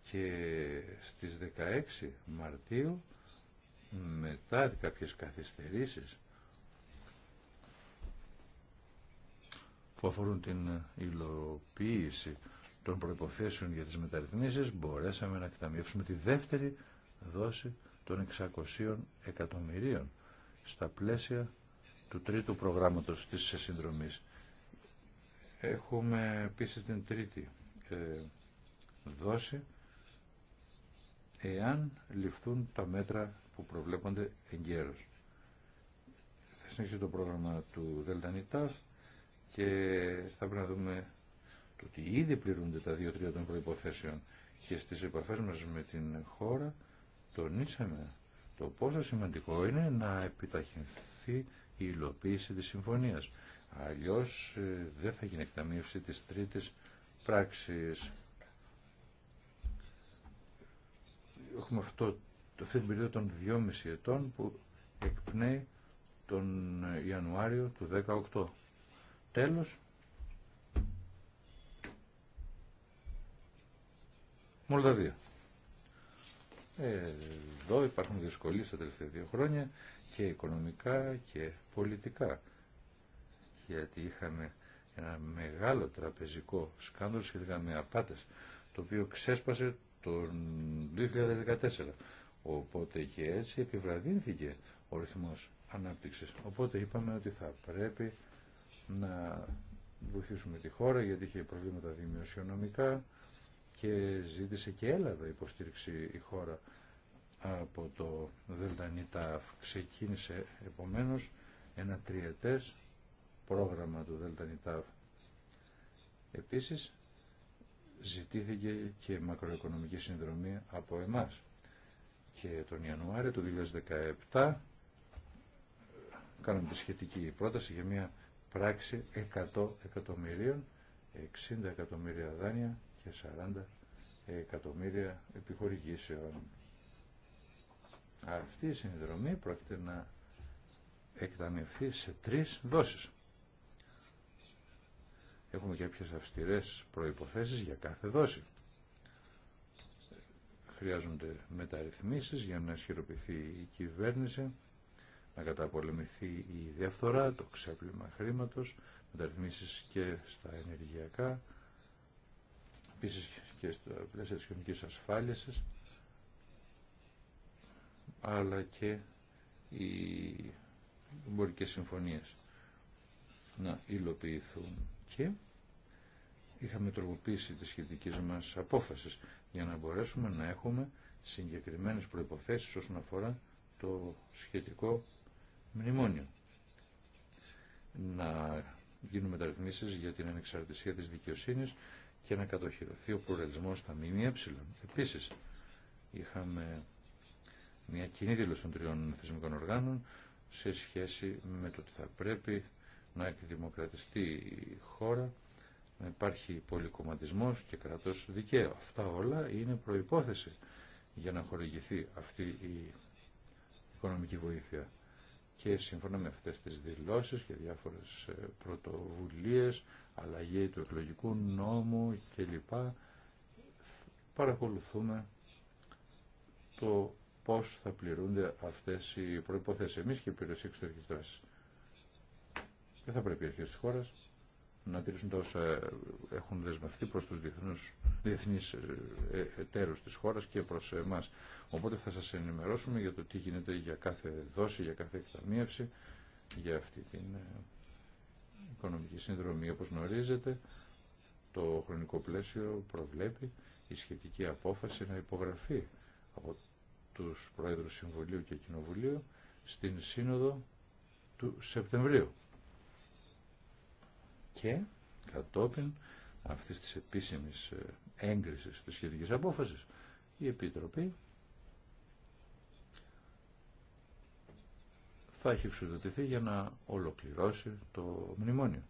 και στις 16 Μαρτίου μετά κάποιες καθυστερήσεις που αφορούν την υλοποίηση των προϋποθέσεων για τις μεταρρυθμίσεις μπορέσαμε να εκταμιεύσουμε τη δεύτερη δόση των 600 εκατομμυρίων στα πλαίσια του τρίτου προγράμματος της συνδρομής. Έχουμε επίσης την τρίτη ε, δόση εάν ληφθούν τα μέτρα που προβλέπονται εγκαίρως. Θα συνεχίσει το πρόγραμμα του Δελτανιτάς και θα πρέπει να δούμε το ότι ήδη πληρούνται τα δύο τρία των προϋποθέσεων και στις επαφές μας με την χώρα τονίσαμε το πόσο σημαντικό είναι να επιταχυνθεί η υλοποίηση της συμφωνίας. Αλλιώς ε, δεν θα γίνει εκταμείευση της τρίτης πράξης. έχουμε αυτό, αυτή την περίοδο των 2,5 ετών που εκπνέει τον Ιανουάριο του 18. Τέλος, Μολδαβία. Εδώ υπάρχουν δυσκολίες τα τελευταία δύο χρόνια και οικονομικά και πολιτικά. Γιατί είχαμε ένα μεγάλο τραπεζικό σκάνδαλο σχετικά με απάτες, το οποίο ξέσπασε τον 2014. Οπότε και έτσι επιβραδύνθηκε ο ρυθμός ανάπτυξης. Οπότε είπαμε ότι θα πρέπει να βοηθήσουμε τη χώρα γιατί είχε προβλήματα δημοσιονομικά και ζήτησε και έλαβε υποστήριξη η χώρα από το ΔΝΤ Ξεκίνησε επομένως ένα τριετές πρόγραμμα του ΔΝΤ. Επίσης ζητήθηκε και μακροοικονομική συνδρομή από εμάς. Και τον Ιανουάριο του 2017 κάναμε τη σχετική πρόταση για μια πράξη 100 εκατομμυρίων, 60 εκατομμύρια δάνεια και 40 εκατομμύρια επιχορηγήσεων. Αυτή η συνδρομή πρόκειται να εκταμιευθεί σε τρεις δόσεις. Έχουμε κάποιες αυστηρές προϋποθέσεις για κάθε δόση. Χρειάζονται μεταρρυθμίσεις για να ισχυροποιηθεί η κυβέρνηση, να καταπολεμηθεί η διαφθορά, το ξέπλυμα χρήματος, μεταρρυθμίσεις και στα ενεργειακά, επίσης και στα πλαίσια της κοινωνικής ασφάλισης, αλλά και οι εμπορικές συμφωνίες να υλοποιηθούν και είχαμε τροποποίησει τις σχετική μας απόφασεις για να μπορέσουμε να έχουμε συγκεκριμένες προϋποθέσεις όσον αφορά το σχετικό μνημόνιο. Να γίνουν μεταρρυθμίσεις για την ανεξαρτησία της δικαιοσύνης και να κατοχυρωθεί ο πλουραλισμός στα ΜΜΕ. Επίσης, είχαμε μια κοινή δήλωση των τριών θεσμικών οργάνων σε σχέση με το ότι θα πρέπει να εκδημοκρατιστεί η χώρα, να υπάρχει πολυκομματισμός και κρατός δικαίου. Αυτά όλα είναι προϋπόθεση για να χορηγηθεί αυτή η οικονομική βοήθεια. Και σύμφωνα με αυτές τις δηλώσεις και διάφορες ε, πρωτοβουλίες, αλλαγή του εκλογικού νόμου κλπ. Παρακολουθούμε το πώς θα πληρούνται αυτές οι προϋποθέσεις εμείς και οι υπηρεσίες εξωτερικής δράσης. Δεν θα πρέπει οι αρχέ της χώρας να τηρήσουν τα όσα έχουν δεσμευτεί προς τους διεθνεί ε, εταίρου τη της χώρας και προ εμά. Οπότε θα σα ενημερώσουμε για το τι γίνεται για κάθε δόση, για κάθε εκταμίευση, για αυτή την ε, οικονομική συνδρομή. Όπω γνωρίζετε, το χρονικό πλαίσιο προβλέπει η σχετική απόφαση να υπογραφεί από τους Πρόεδρους Συμβουλίου και Κοινοβουλίου στην Σύνοδο του Σεπτεμβρίου και κατόπιν αυτής της επίσημης ε, έγκρισης της σχετικής απόφασης η Επιτροπή θα έχει εξουδοτηθεί για να ολοκληρώσει το μνημόνιο.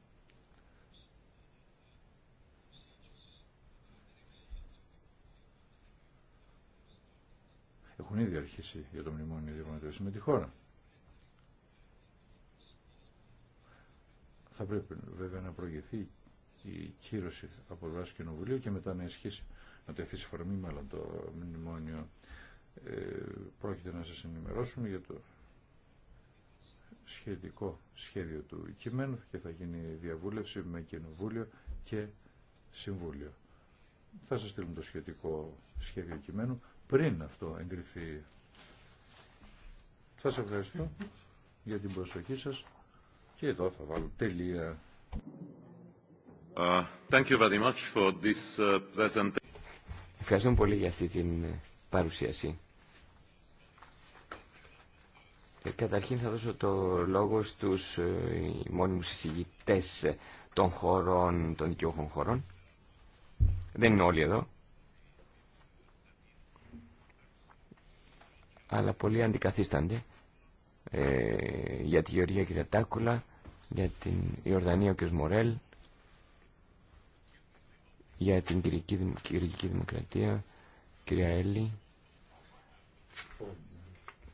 Έχουν ήδη αρχίσει για το μνημόνιο διαπραγματεύσει με τη χώρα. θα πρέπει βέβαια να προηγηθεί η κύρωση από κοινοβουλίου και μετά να ισχύσει, να τεθεί σε φορμή άλλο το μνημόνιο. Ε, πρόκειται να σας ενημερώσουμε για το σχετικό σχέδιο του κειμένου και θα γίνει διαβούλευση με κοινοβούλιο και συμβούλιο. Θα σας στείλουμε το σχετικό σχέδιο κειμένου πριν αυτό εγκριθεί. Σας ευχαριστώ για την προσοχή σας. Και εδώ θα βάλω τελεία. Uh, uh, Ευχαριστούμε πολύ για αυτή την ε, παρουσίαση. Ε, καταρχήν θα δώσω το λόγο στους ε, μόνιμους εισηγητές των χωρών, των δικαιούχων χωρών. Δεν είναι όλοι εδώ. Αλλά πολλοί αντικαθίστανται. Ε, για τη Γεωργία Κυριατάκουλα, για την Ιορδανία ο κ. Μορέλ, για την Κυρική, Δημοκρατία, κυρία Έλλη,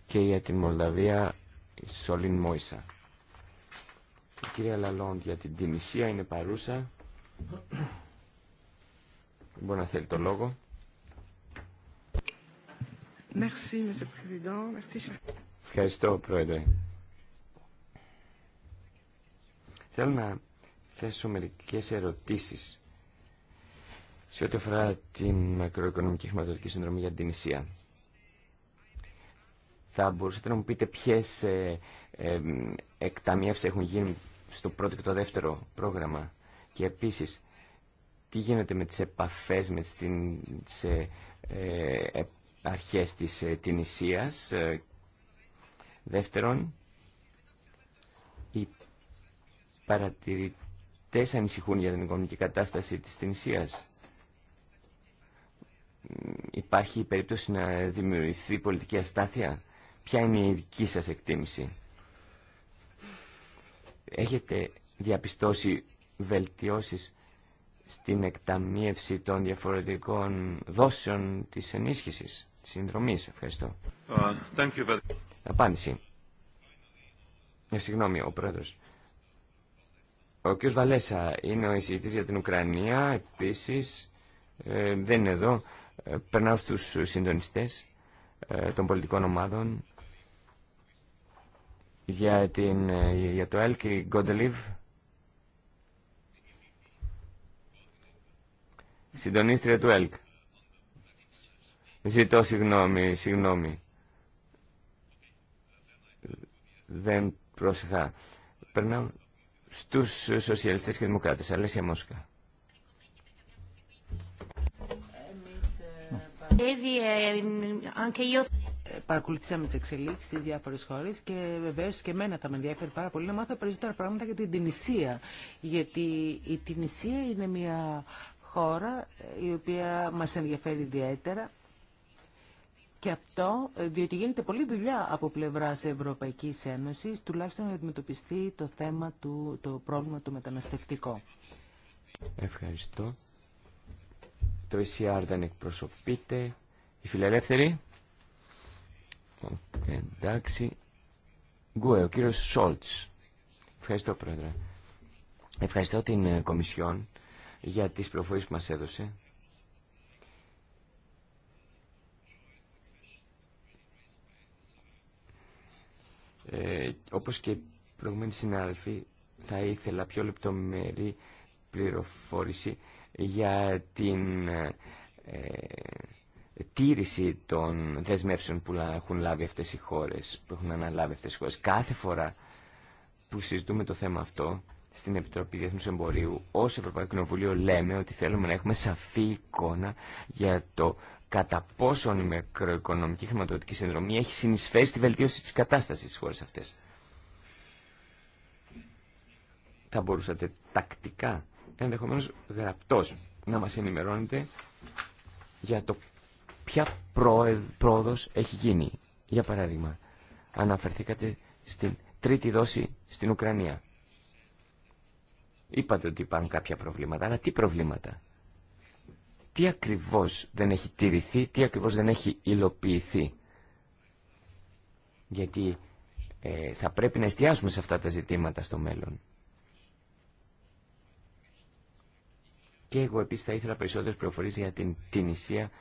και για την Μολδαβία η Σολίν Μόισα. Η κυρία Λαλόντ για την Τινησία είναι παρούσα. Δεν μπορεί να θέλει το λόγο. Ευχαριστώ, Πρόεδρε. Θέλω να θέσω μερικές ερωτήσεις σε ό,τι αφορά την μακροοικονομική χρηματοδοτική συνδρομή για την Ισία. Θα μπορούσατε να μου πείτε ποιες ε, ε, εκταμιεύσεις έχουν γίνει στο πρώτο και το δεύτερο πρόγραμμα και επίσης τι γίνεται με τις επαφές με τις ε, ε, ε, αρχές της Τινησίας. Δεύτερον, παρατηρητές ανησυχούν για την οικονομική κατάσταση της Τινησίας. Υπάρχει περίπτωση να δημιουργηθεί πολιτική αστάθεια. Ποια είναι η δική σας εκτίμηση. Έχετε διαπιστώσει βελτιώσεις στην εκταμίευση των διαφορετικών δόσεων της ενίσχυσης, της συνδρομής. Ευχαριστώ. Uh, very... Απάντηση. Ε, συγγνώμη, ο πρόεδρος. Ο κ. Βαλέσα είναι ο εισηγητής για την Ουκρανία, επίσης ε, δεν είναι εδώ. Ε, περνάω στους συντονιστές ε, των πολιτικών ομάδων για, την, για το ΕΛΚ, η Γκοντελίβ. Συντονίστρια του ΕΛΚ. Ζητώ συγγνώμη, συγγνώμη. Δεν πρόσεχα. Περνάω στους σοσιαλιστές και δημοκράτες. Αλέσια Μόσκα. Παρακολουθήσαμε τι εξελίξει στι διάφορε χώρε και βεβαίω και εμένα θα με ενδιαφέρει πάρα πολύ να μάθω περισσότερα πράγματα για την Τινησία. Γιατί η Τινησία είναι μια χώρα η οποία μα ενδιαφέρει ιδιαίτερα και αυτό ε, διότι γίνεται πολλή δουλειά από πλευράς Ευρωπαϊκή Ένωση τουλάχιστον να αντιμετωπιστεί το θέμα του, το πρόβλημα του μεταναστευτικό. Ευχαριστώ. Το ECR δεν εκπροσωπείται. Η φιλελεύθερη. Ε, εντάξει. Γκουέ, ο κύριο Σόλτ. Ευχαριστώ, Πρόεδρε. Ευχαριστώ την ε, Κομισιόν για τι πληροφορίε που μα έδωσε Ε, όπως και οι προηγούμενοι συνάδελφοι, θα ήθελα πιο λεπτομερή πληροφόρηση για την ε, τήρηση των δεσμεύσεων που έχουν λάβει αυτές οι χώρες, που έχουν αναλάβει αυτές οι χώρες. Κάθε φορά που συζητούμε το θέμα αυτό στην Επιτροπή Διεθνούς Εμπορίου, ως Ευρωπαϊκό Κοινοβούλιο λέμε ότι θέλουμε να έχουμε σαφή εικόνα για το κατά πόσον η μικροοικονομική χρηματοδοτική συνδρομή έχει συνεισφέρει στη βελτίωση της κατάστασης στις χώρες αυτές. Θα μπορούσατε τακτικά, ενδεχομένως γραπτός, να μας ενημερώνετε για το ποια πρόοδος έχει γίνει. Για παράδειγμα, αναφερθήκατε στην τρίτη δόση στην Ουκρανία. Είπατε ότι υπάρχουν κάποια προβλήματα, αλλά τι προβλήματα τι ακριβώς δεν έχει τηρηθεί, τι ακριβώς δεν έχει υλοποιηθεί. Γιατί ε, θα πρέπει να εστιάσουμε σε αυτά τα ζητήματα στο μέλλον. Και εγώ επίσης θα ήθελα περισσότερες πληροφορίες για την Τινησία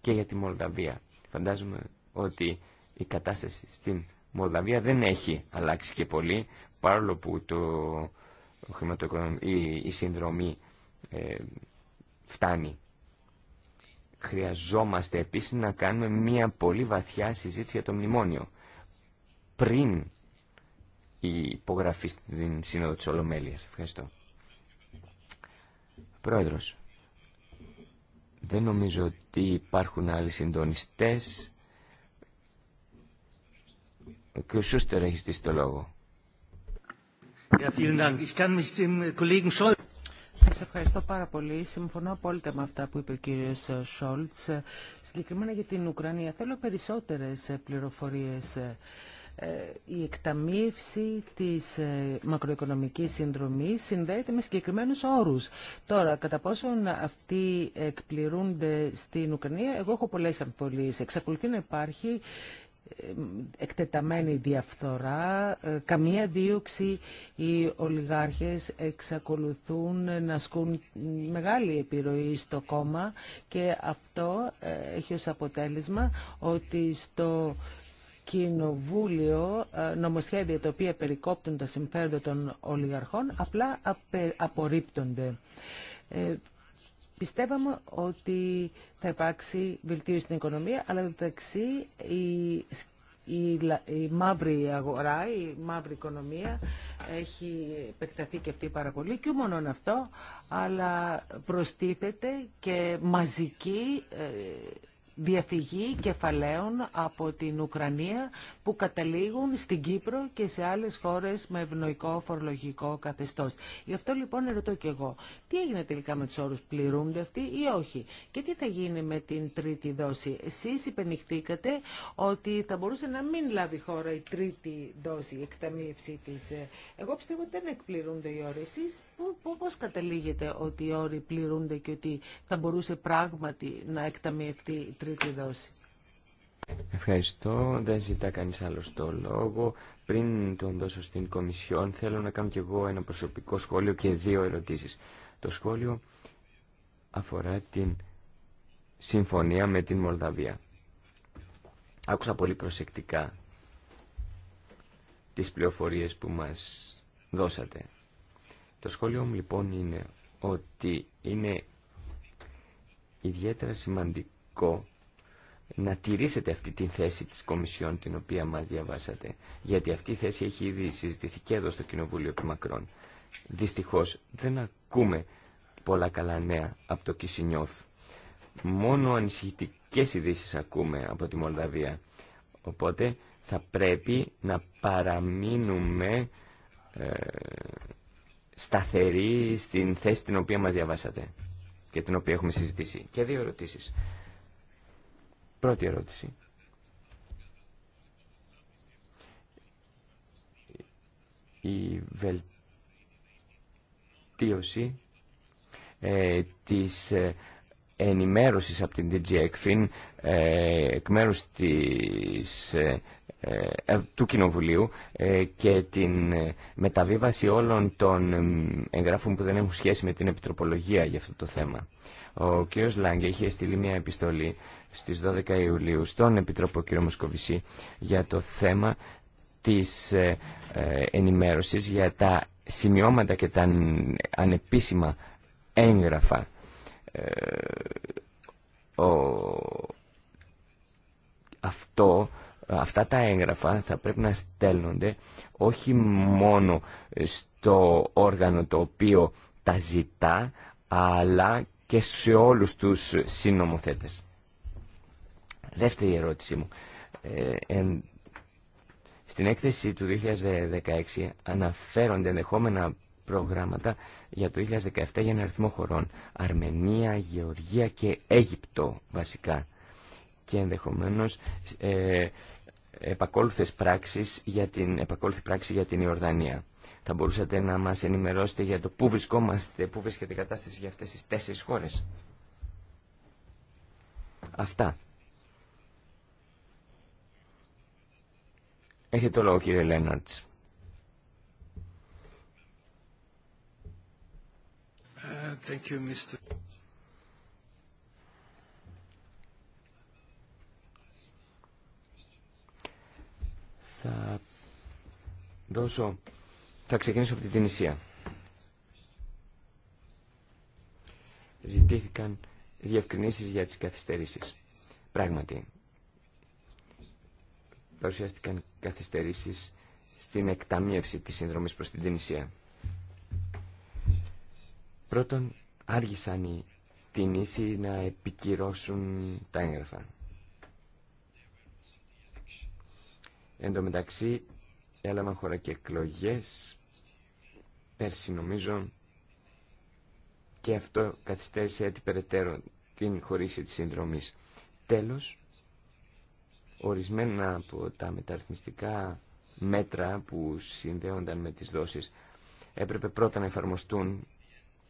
και για τη Μολδαβία. Φαντάζομαι ότι η κατάσταση στην Μολδαβία δεν έχει αλλάξει και πολύ, παρόλο που το, η, η συνδρομή ε, φτάνει. Χρειαζόμαστε επίσης να κάνουμε μια πολύ βαθιά συζήτηση για το μνημόνιο. Πριν η υπογραφή στην Σύνοδο της Ολομέλειας. Ευχαριστώ. Πρόεδρος, δεν νομίζω ότι υπάρχουν άλλοι συντονιστές. Και κ. Σούστερ έχει στήσει το λόγο. Σας ευχαριστώ πάρα πολύ. Συμφωνώ απόλυτα με αυτά που είπε ο κύριος Σόλτς. Συγκεκριμένα για την Ουκρανία. Θέλω περισσότερες πληροφορίες. Ε, η εκταμείευση της ε, μακροοικονομικής συνδρομής συνδέεται με συγκεκριμένους όρους. Τώρα, κατά πόσον αυτοί εκπληρούνται στην Ουκρανία, εγώ έχω πολλές αμφιβολίες. Εξακολουθεί να υπάρχει εκτεταμένη διαφθορά, ε, καμία δίωξη. Οι ολιγάρχες εξακολουθούν να ασκούν μεγάλη επιρροή στο κόμμα και αυτό ε, έχει ως αποτέλεσμα ότι στο κοινοβούλιο ε, νομοσχέδια τα οποία περικόπτουν τα συμφέροντα των ολιγαρχών απλά απορρίπτονται. Πιστεύαμε ότι θα υπάρξει βελτίωση στην οικονομία, αλλά μεταξύ η, η, η μαύρη αγορά, η μαύρη οικονομία έχει επεκταθεί και αυτή πάρα πολύ και μόνο αυτό, αλλά προστίθεται και μαζική ε, διαφυγή κεφαλαίων από την Ουκρανία που καταλήγουν στην Κύπρο και σε άλλες χώρες με ευνοϊκό φορολογικό καθεστώς. Γι' αυτό λοιπόν ρωτώ και εγώ, τι έγινε τελικά με τους όρους, πληρούνται αυτοί ή όχι και τι θα γίνει με την τρίτη δόση. Εσείς υπενηχθήκατε ότι θα μπορούσε να μην λάβει χώρα η τρίτη δόση, η εκταμείευση της. Ε, εγώ πιστεύω ότι δεν εκπληρούνται οι όροι. Εσείς πώς καταλήγετε ότι οι όροι πληρούνται και ότι θα μπορούσε πράγματι να εκταμιευτεί η Ευχαριστώ. Δεν ζητά κανείς άλλο το λόγο. Πριν τον δώσω στην Κομισιόν, θέλω να κάνω κι εγώ ένα προσωπικό σχόλιο και δύο ερωτήσεις. Το σχόλιο αφορά την συμφωνία με την Μολδαβία. Άκουσα πολύ προσεκτικά τις πληροφορίες που μας δώσατε. Το σχόλιο μου λοιπόν είναι ότι είναι ιδιαίτερα σημαντικό να τηρήσετε αυτή τη θέση της Κομισιόν την οποία μας διαβάσατε. Γιατί αυτή η θέση έχει ήδη συζητηθεί και εδώ στο Κοινοβούλιο Μακρόν Δυστυχώς δεν ακούμε πολλά καλά νέα από το Κισινιόφ. Μόνο ανησυχητικές ειδήσει ακούμε από τη Μολδαβία. Οπότε θα πρέπει να παραμείνουμε ε, σταθεροί στην θέση την οποία μας διαβάσατε και την οποία έχουμε συζητήσει. Και δύο ερωτήσεις. Πρώτη ερώτηση. Η βελτίωση ε, της ε, ενημέρωσης από την DG ECFIN ε, εκ μέρους της ε, ε, του Κοινοβουλίου ε, και την ε, μεταβίβαση όλων των εγγράφων που δεν έχουν σχέση με την επιτροπολογία για αυτό το θέμα. Ο κ. Λάγκε είχε στείλει μια επιστολή στις 12 Ιουλίου στον Επιτροπό κ. Μοσκοβισή για το θέμα της ενημέρωσης για τα σημειώματα και τα ανεπίσημα έγγραφα. Ο... Αυτό αυτά τα έγγραφα θα πρέπει να στέλνονται όχι μόνο στο όργανο το οποίο τα ζητά, αλλά και σε όλους τους συνομοθέτες. Δεύτερη ερώτησή μου. Ε, στην έκθεση του 2016 αναφέρονται ενδεχόμενα προγράμματα για το 2017 για ένα αριθμό χωρών. Αρμενία, Γεωργία και Αίγυπτο βασικά και ενδεχομένως ε, επακόλουθες πράξεις για την, πράξη για την Ιορδανία. Θα μπορούσατε να μας ενημερώσετε για το πού βρισκόμαστε, πού βρίσκεται η κατάσταση για αυτές τις τέσσερις χώρες. Αυτά. Έχετε το λόγο κύριε Λέναρτς. Ε, thank you, Mr. Θα δώσω... Θα ξεκινήσω από την Τινησία. Ζητήθηκαν διευκρινήσεις για τις καθυστερήσεις. Πράγματι, παρουσιάστηκαν καθυστερήσεις στην εκταμίευση της συνδρομής προς την Τινησία. Πρώτον, άργησαν οι Τινήσοι να επικυρώσουν τα έγγραφα. Εν τω μεταξύ έλαβαν χώρα και εκλογέ, πέρσι νομίζω και αυτό καθυστέρησε έτσι περαιτέρω την χωρίση της συνδρομής. Τέλος, ορισμένα από τα μεταρρυθμιστικά μέτρα που συνδέονταν με τις δόσεις έπρεπε πρώτα να εφαρμοστούν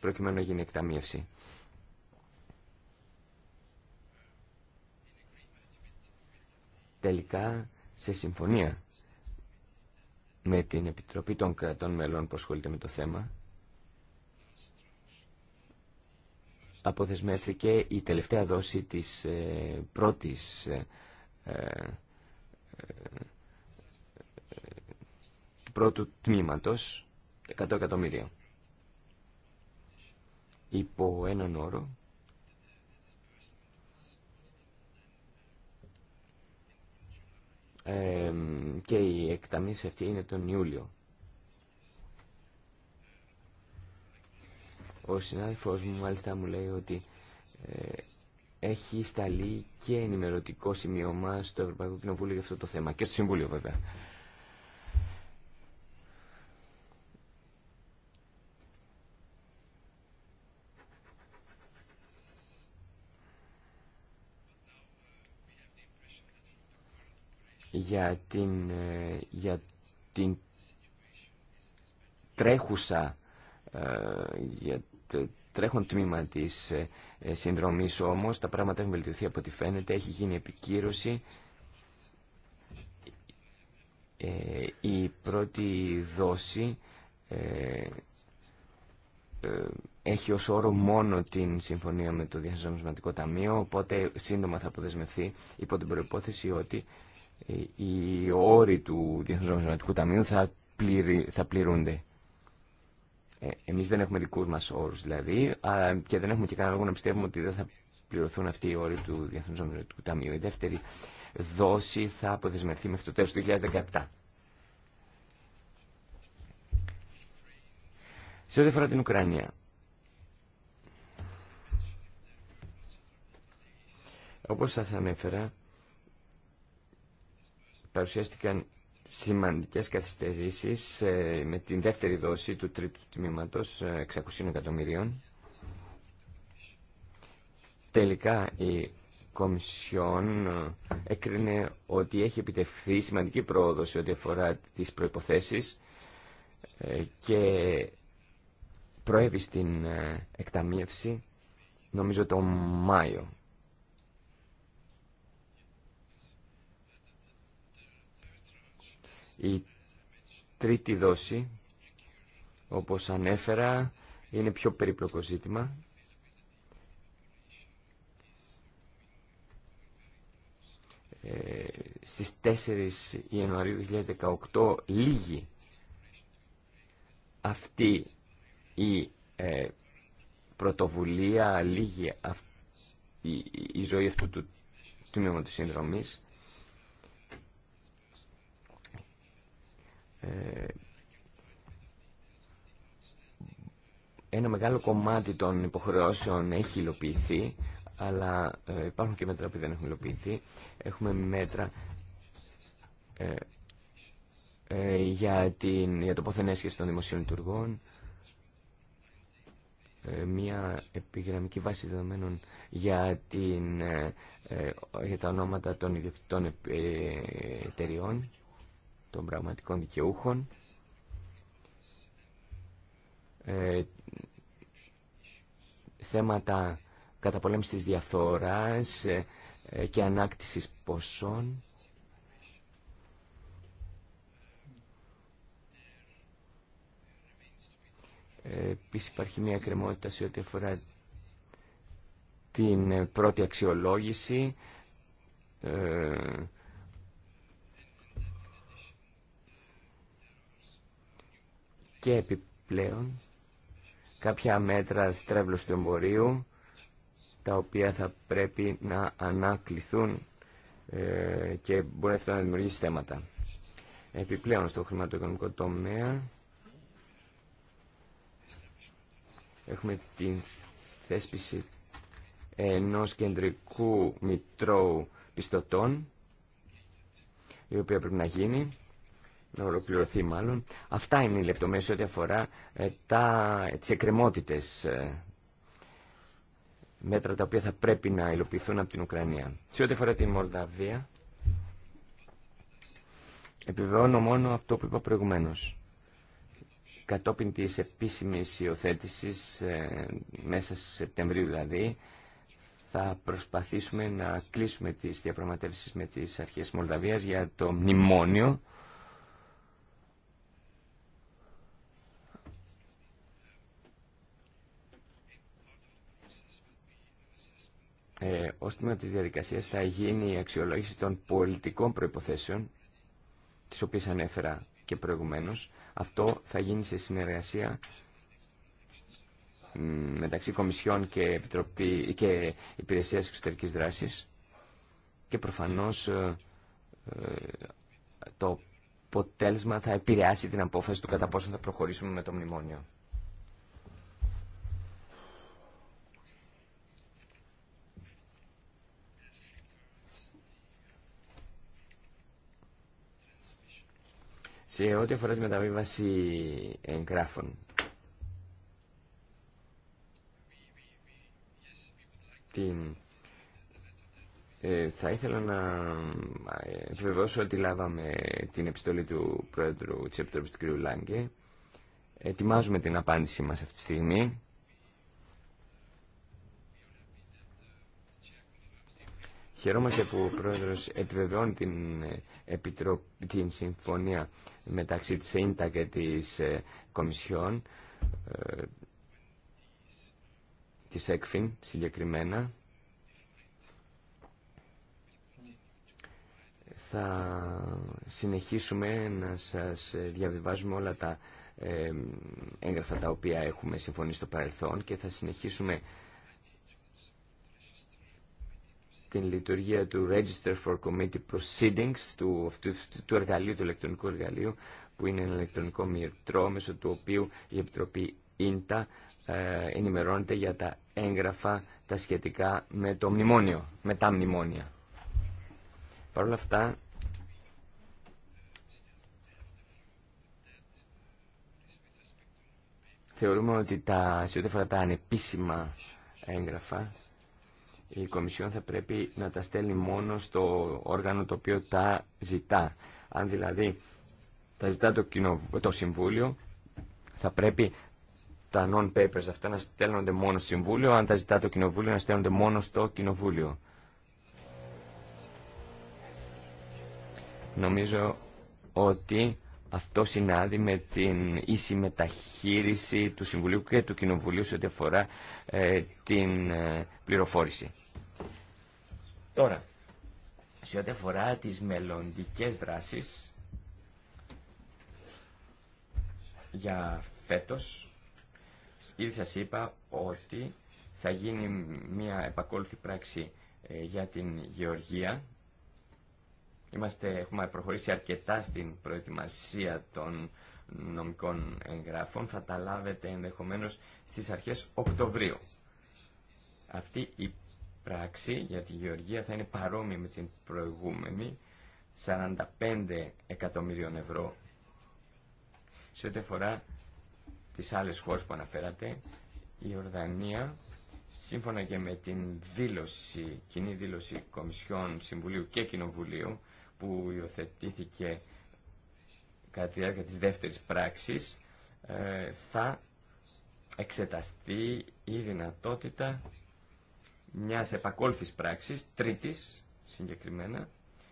προκειμένου να γίνει εκταμίευση. Τελικά, σε συμφωνία με την Επιτροπή των Κρατών Μελών που ασχολείται με το θέμα, αποθεσμεύθηκε η τελευταία δόση της ε, πρώτης ε, του ε, ε, πρώτου τμήματος 100 εκατομμύρια υπό έναν όρο και η εκταμίση αυτή είναι τον Ιούλιο. Ο συνάδελφός μου μάλιστα μου λέει ότι ε, έχει σταλεί και ενημερωτικό σημείωμα στο Ευρωπαϊκό Κοινοβούλιο για αυτό το θέμα και στο Συμβούλιο βέβαια. για την, για την τρέχουσα, ε, για το τρέχον τμήμα της ε, συνδρομής όμως. Τα πράγματα έχουν βελτιωθεί από ό,τι φαίνεται, έχει γίνει επικύρωση. Ε, η πρώτη δόση έχει ως όρο μόνο την συμφωνία με το Διεθνές Ταμείο, οπότε σύντομα θα αποδεσμευθεί υπό την προϋπόθεση ότι ε, οι όροι του Διεθνούς Νομισματικού Ταμείου θα, θα πληρούνται. Ε, εμείς δεν έχουμε δικούς μας όρους δηλαδή α, και δεν έχουμε και κανένα λόγο να πιστεύουμε ότι δεν θα πληρωθούν αυτοί οι όροι του Διεθνούς Νομισματικού Ταμείου. Η δεύτερη δόση θα αποδεσμευθεί μέχρι το τέλος του 2017. Σε ό,τι αφορά την Ουκρανία, όπως σας ανέφερα, παρουσιάστηκαν σημαντικές καθυστερήσεις ε, με την δεύτερη δόση του τρίτου τμήματος 600 ε, εκατομμυρίων. Τελικά η Κομισιόν ε, έκρινε ότι έχει επιτευχθεί σημαντική πρόοδος ό,τι αφορά τις προϋποθέσεις και προέβη στην εκταμίευση νομίζω το Μάιο Η τρίτη δόση, όπως ανέφερα, είναι πιο περίπλοκο ζήτημα. Ε, στις 4 Ιανουαρίου 2018 λίγη αυτή η ε, πρωτοβουλία, λίγη η, ζωή αυτού του τμήματος συνδρομής. Ε, ένα μεγάλο κομμάτι των υποχρεώσεων έχει υλοποιηθεί, αλλά ε, υπάρχουν και μέτρα που δεν έχουν υλοποιηθεί. Έχουμε μέτρα ε, για, την, για το πόθεν έσχεση των δημοσίων λειτουργών, μια επιγραμμική βάση δεδομένων για, την, για τα ονόματα των ιδιοκτητών εταιριών των πραγματικών δικαιούχων, ε, θέματα καταπολέμησης της διαφθοράς ε, ε, και ανάκτησης ποσών. Ε, Επίση υπάρχει μια κρεμότητα σε ό,τι αφορά την πρώτη αξιολόγηση ε, και επιπλέον κάποια μέτρα στρέβλωση του εμπορίου τα οποία θα πρέπει να ανακληθούν ε, και μπορεί αυτό να δημιουργήσει θέματα. Επιπλέον στο χρηματοοικονομικό τομέα έχουμε την θέσπιση ενός κεντρικού μητρώου πιστωτών η οποία πρέπει να γίνει να ολοκληρωθεί μάλλον. Αυτά είναι οι λεπτομέρειε ό,τι αφορά ε, τα, τις ε, μέτρα τα οποία θα πρέπει να υλοποιηθούν από την Ουκρανία. Σε ό,τι αφορά την Μολδαβία, επιβεβαιώνω μόνο αυτό που είπα προηγουμένω. Κατόπιν της επίσημης υιοθέτηση ε, μέσα σε Σεπτεμβρίου δηλαδή, θα προσπαθήσουμε να κλείσουμε τις διαπραγματεύσεις με τις αρχές Μολδαβίας για το μνημόνιο, ε, ως τμήμα της διαδικασίας θα γίνει η αξιολόγηση των πολιτικών προϋποθέσεων, τις οποίες ανέφερα και προηγουμένως. Αυτό θα γίνει σε συνεργασία μεταξύ Κομισιών και, Επιτροπή, και Υπηρεσίας Εξωτερικής Δράσης και προφανώς ε, ε, το αποτέλεσμα θα επηρεάσει την απόφαση του κατά πόσο θα προχωρήσουμε με το μνημόνιο. σε ό,τι αφορά τη μεταβίβαση εγγράφων. Την... Ε, θα ήθελα να ε, επιβεβαιώσω ότι λάβαμε την επιστολή του Πρόεδρου της Επιτροπής του κ. Λάγκε. Ετοιμάζουμε την απάντησή μας αυτή τη στιγμή. Χαιρόμαστε που ο πρόεδρος επιβεβαιώνει την, ε, επιτρο... την συμφωνία μεταξύ της ΕΙΝΤΑ και της ε, Κομισιόν, ε, της ΕΚΦΙΝ συγκεκριμένα. Θα συνεχίσουμε να σας διαβιβάζουμε όλα τα έγγραφα τα οποία έχουμε συμφωνήσει στο παρελθόν και θα συνεχίσουμε την λειτουργία του Register for Committee Proceedings, του, του, του εργαλείου, του ηλεκτρονικού εργαλείου, που είναι ένα ηλεκτρονικό μητρό, μέσω του οποίου η Επιτροπή ΙΝΤΑ ε, ενημερώνεται για τα έγγραφα τα σχετικά με το μνημόνιο, με τα μνημόνια. Παρ' όλα αυτά, θεωρούμε ότι τα, σε τα ανεπίσημα έγγραφα, η Κομισιόν θα πρέπει να τα στέλνει μόνο στο όργανο το οποίο τα ζητά. Αν δηλαδή τα ζητά το, κοινο, το Συμβούλιο, θα πρέπει τα non-papers αυτά να στέλνονται μόνο στο Συμβούλιο, αν τα ζητά το Κοινοβούλιο να στέλνονται μόνο στο Κοινοβούλιο. Νομίζω ότι αυτό συνάδει με την ίση μεταχείριση του Συμβουλίου και του Κοινοβουλίου σε ό,τι αφορά ε, την ε, πληροφόρηση. Τώρα, σε ό,τι αφορά τις μελλοντικέ δράσεις για φέτος, ήδη σας είπα ότι θα γίνει μια επακόλουθη πράξη ε, για την γεωργία. Είμαστε, έχουμε προχωρήσει αρκετά στην προετοιμασία των νομικών εγγράφων. Θα τα λάβετε ενδεχομένως στις αρχές Οκτωβρίου. Αυτή η πράξη για τη Γεωργία θα είναι παρόμοια με την προηγούμενη 45 εκατομμύριων ευρώ. Σε ό,τι αφορά τις άλλες χώρες που αναφέρατε, η Ορδανία, σύμφωνα και με την δήλωση, κοινή δήλωση Κομισιών Συμβουλίου και Κοινοβουλίου, που υιοθετήθηκε κατά τη διάρκεια της δεύτερης πράξης, ε, θα εξεταστεί η δυνατότητα μια επακόλφης πράξης, τρίτης συγκεκριμένα,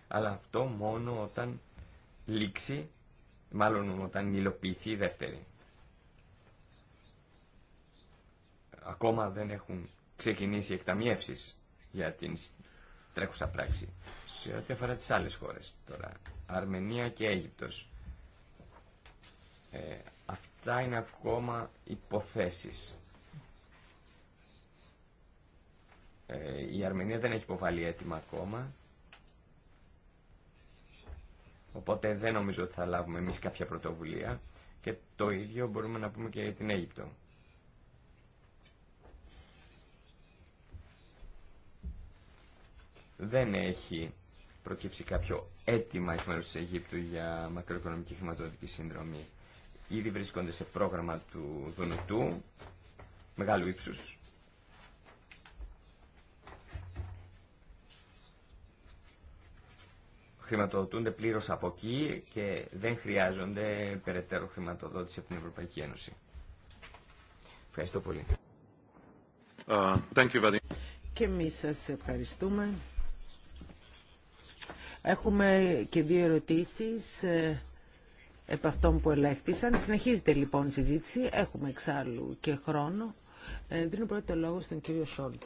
αλλά αυτό μόνο όταν λήξει, μάλλον όταν υλοποιηθεί η δεύτερη. Ακόμα δεν έχουν ξεκινήσει εκταμιεύσεις για την τρέχουσα πράξη. Σε ό,τι αφορά τις άλλες χώρες τώρα, Αρμενία και Αίγυπτος. Ε, αυτά είναι ακόμα υποθέσεις. Ε, η Αρμενία δεν έχει υποβάλει έτοιμα ακόμα. Οπότε δεν νομίζω ότι θα λάβουμε εμείς κάποια πρωτοβουλία. Και το ίδιο μπορούμε να πούμε και για την Αίγυπτο. Δεν έχει προκύψει κάποιο αίτημα εκ μέρους της Αιγύπτου για μακροοικονομική χρηματοδοτική συνδρομή. Ήδη βρίσκονται σε πρόγραμμα του Δουνουτού, μεγάλου ύψους, χρηματοδοτούνται πλήρως από εκεί και δεν χρειάζονται περαιτέρω χρηματοδότηση από την Ευρωπαϊκή Ένωση. Ευχαριστώ πολύ. Uh, Και εμεί σα ευχαριστούμε. Έχουμε και δύο ερωτήσεις από ε, αυτών που ελέγχθησαν. Συνεχίζεται λοιπόν η συζήτηση. Έχουμε εξάλλου και χρόνο. Ε, δίνω πρώτο λόγο στον κύριο Σόλτ.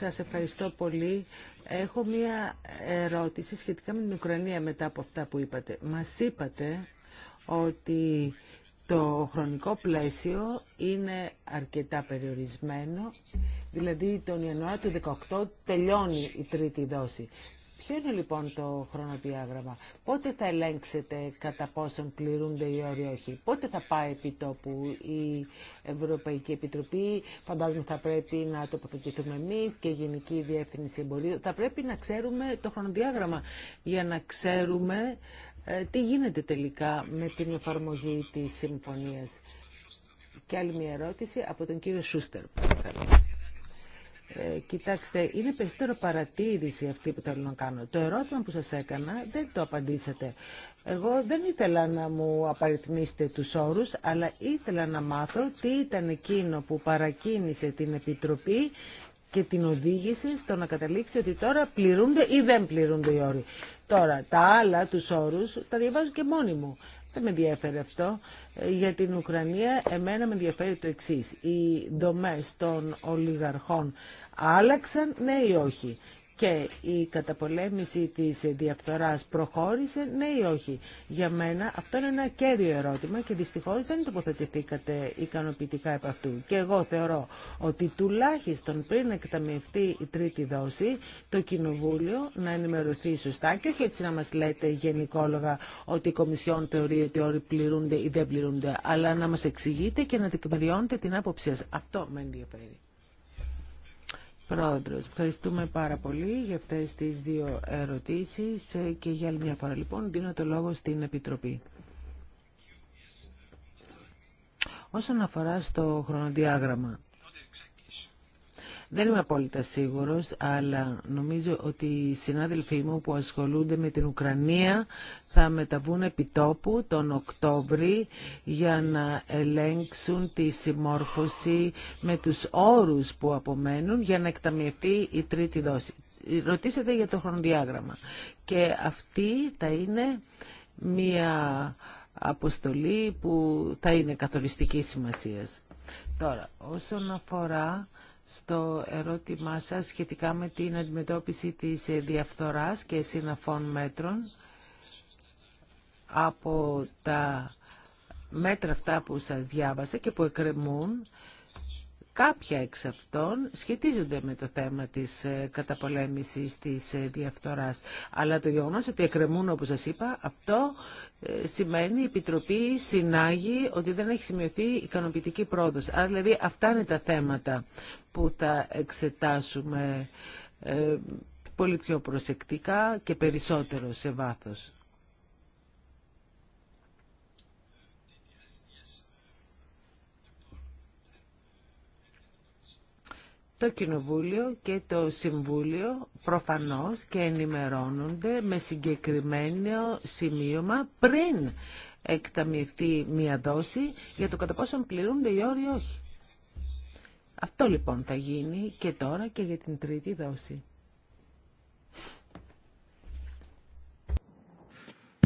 Σας ευχαριστώ πολύ. Έχω μία ερώτηση σχετικά με την Ουκρανία μετά από αυτά που είπατε. Μας είπατε ότι το χρονικό πλαίσιο είναι αρκετά περιορισμένο, δηλαδή τον Ιανουάριο του 2018 τελειώνει η τρίτη δόση. Ποιο είναι λοιπόν το χρονοδιάγραμμα. Πότε θα ελέγξετε κατά πόσον πληρούνται οι όροι όχι. Πότε θα πάει επί τόπου η Ευρωπαϊκή Επιτροπή. Φαντάζομαι θα πρέπει να τοποθετηθούμε εμεί και η Γενική Διεύθυνση Εμπορίου. Θα πρέπει να ξέρουμε το χρονοδιάγραμμα για να ξέρουμε ε, τι γίνεται τελικά με την εφαρμογή της συμφωνίας. Και άλλη μια ερώτηση από τον κύριο Σούστερ. Ε, κοιτάξτε, είναι περισσότερο παρατήρηση αυτή που θέλω να κάνω. Το ερώτημα που σας έκανα δεν το απαντήσατε. Εγώ δεν ήθελα να μου απαριθμίσετε τους όρους, αλλά ήθελα να μάθω τι ήταν εκείνο που παρακίνησε την Επιτροπή και την οδήγησε στο να καταλήξει ότι τώρα πληρούνται ή δεν πληρούνται οι όροι. Τώρα, τα άλλα, τους όρους, τα διαβάζω και μόνη μου. Δεν με ενδιαφέρει αυτό. Ε, για την Ουκρανία, εμένα με ενδιαφέρει το εξής. Οι δομές των ολιγαρχών άλλαξαν, ναι ή όχι και η καταπολέμηση της διαφθοράς προχώρησε, ναι ή όχι. Για μένα αυτό είναι ένα κέριο ερώτημα και δυστυχώς δεν τοποθετηθήκατε ικανοποιητικά επ' αυτού. Και εγώ θεωρώ ότι τουλάχιστον πριν εκταμιευτεί η τρίτη δόση, το Κοινοβούλιο να ενημερωθεί σωστά και όχι έτσι να μας λέτε γενικόλογα ότι η Κομισιόν θεωρεί ότι όλοι πληρούνται ή δεν πληρούνται, αλλά να μας εξηγείτε και να τεκμηριώνετε την άποψη σας. Αυτό με ενδιαφέρει. Πρόεδρος, ευχαριστούμε πάρα πολύ για αυτές τις δύο ερωτήσεις και για άλλη μια φορά λοιπόν δίνω το λόγο στην Επιτροπή. Όσον αφορά στο χρονοδιάγραμμα, δεν είμαι απόλυτα σίγουρος, αλλά νομίζω ότι οι συνάδελφοί μου που ασχολούνται με την Ουκρανία θα μεταβούν επιτόπου τον Οκτώβρη για να ελέγξουν τη συμμόρφωση με τους όρους που απομένουν για να εκταμιευτεί η τρίτη δόση. Ρωτήσατε για το χρονοδιάγραμμα και αυτή θα είναι μία αποστολή που θα είναι καθοριστική σημασίας. Τώρα, όσον αφορά στο ερώτημά σας σχετικά με την αντιμετώπιση της διαφθοράς και συναφών μέτρων από τα μέτρα αυτά που σας διάβασα και που εκκρεμούν Κάποια εξ αυτών σχετίζονται με το θέμα της ε, καταπολέμησης της ε, διαφθοράς. Αλλά το γεγονός ότι εκκρεμούν, όπως σας είπα, αυτό ε, σημαίνει η Επιτροπή συνάγει ότι δεν έχει σημειωθεί ικανοποιητική πρόοδος. Άρα δηλαδή αυτά είναι τα θέματα που θα εξετάσουμε πολύ πιο προσεκτικά και περισσότερο σε βάθος. το Κοινοβούλιο και το Συμβούλιο προφανώς και ενημερώνονται με συγκεκριμένο σημείωμα πριν εκταμιευτεί μία δόση για το κατά πόσο πληρούνται οι όροι όχι. Αυτό λοιπόν θα γίνει και τώρα και για την τρίτη δόση.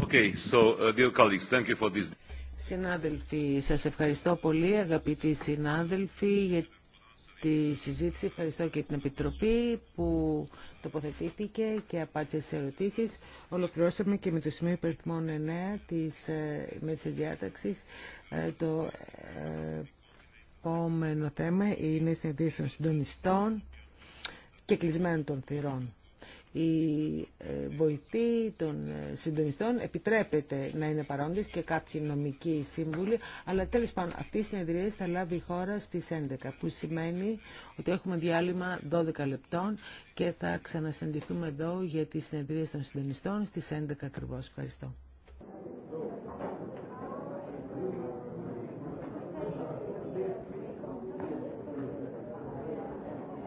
Okay, so, uh, dear colleagues, thank you for this. Συνάδελφοι, σας ευχαριστώ πολύ αγαπητοί συνάδελφοι για τη συζήτηση. Ευχαριστώ και την Επιτροπή που τοποθετήθηκε και απάντησε σε ερωτήσεις. Ολοκληρώσαμε και με το σημείο υπερθμών 9 της τη ε, διάταξης. Ε, το ε, επόμενο θέμα είναι η συνεδρίαση των συντονιστών και κλεισμένων των θυρών η ε, βοηθή των ε, συντονιστών επιτρέπεται να είναι παρόντες και κάποιοι νομικοί σύμβουλοι, αλλά τέλος πάντων αυτή η συνεδρία θα λάβει η χώρα στις 11, που σημαίνει ότι έχουμε διάλειμμα 12 λεπτών και θα ξανασυντηθούμε εδώ για τις συνεδρίες των συντονιστών στις 11 ακριβώς. Ευχαριστώ.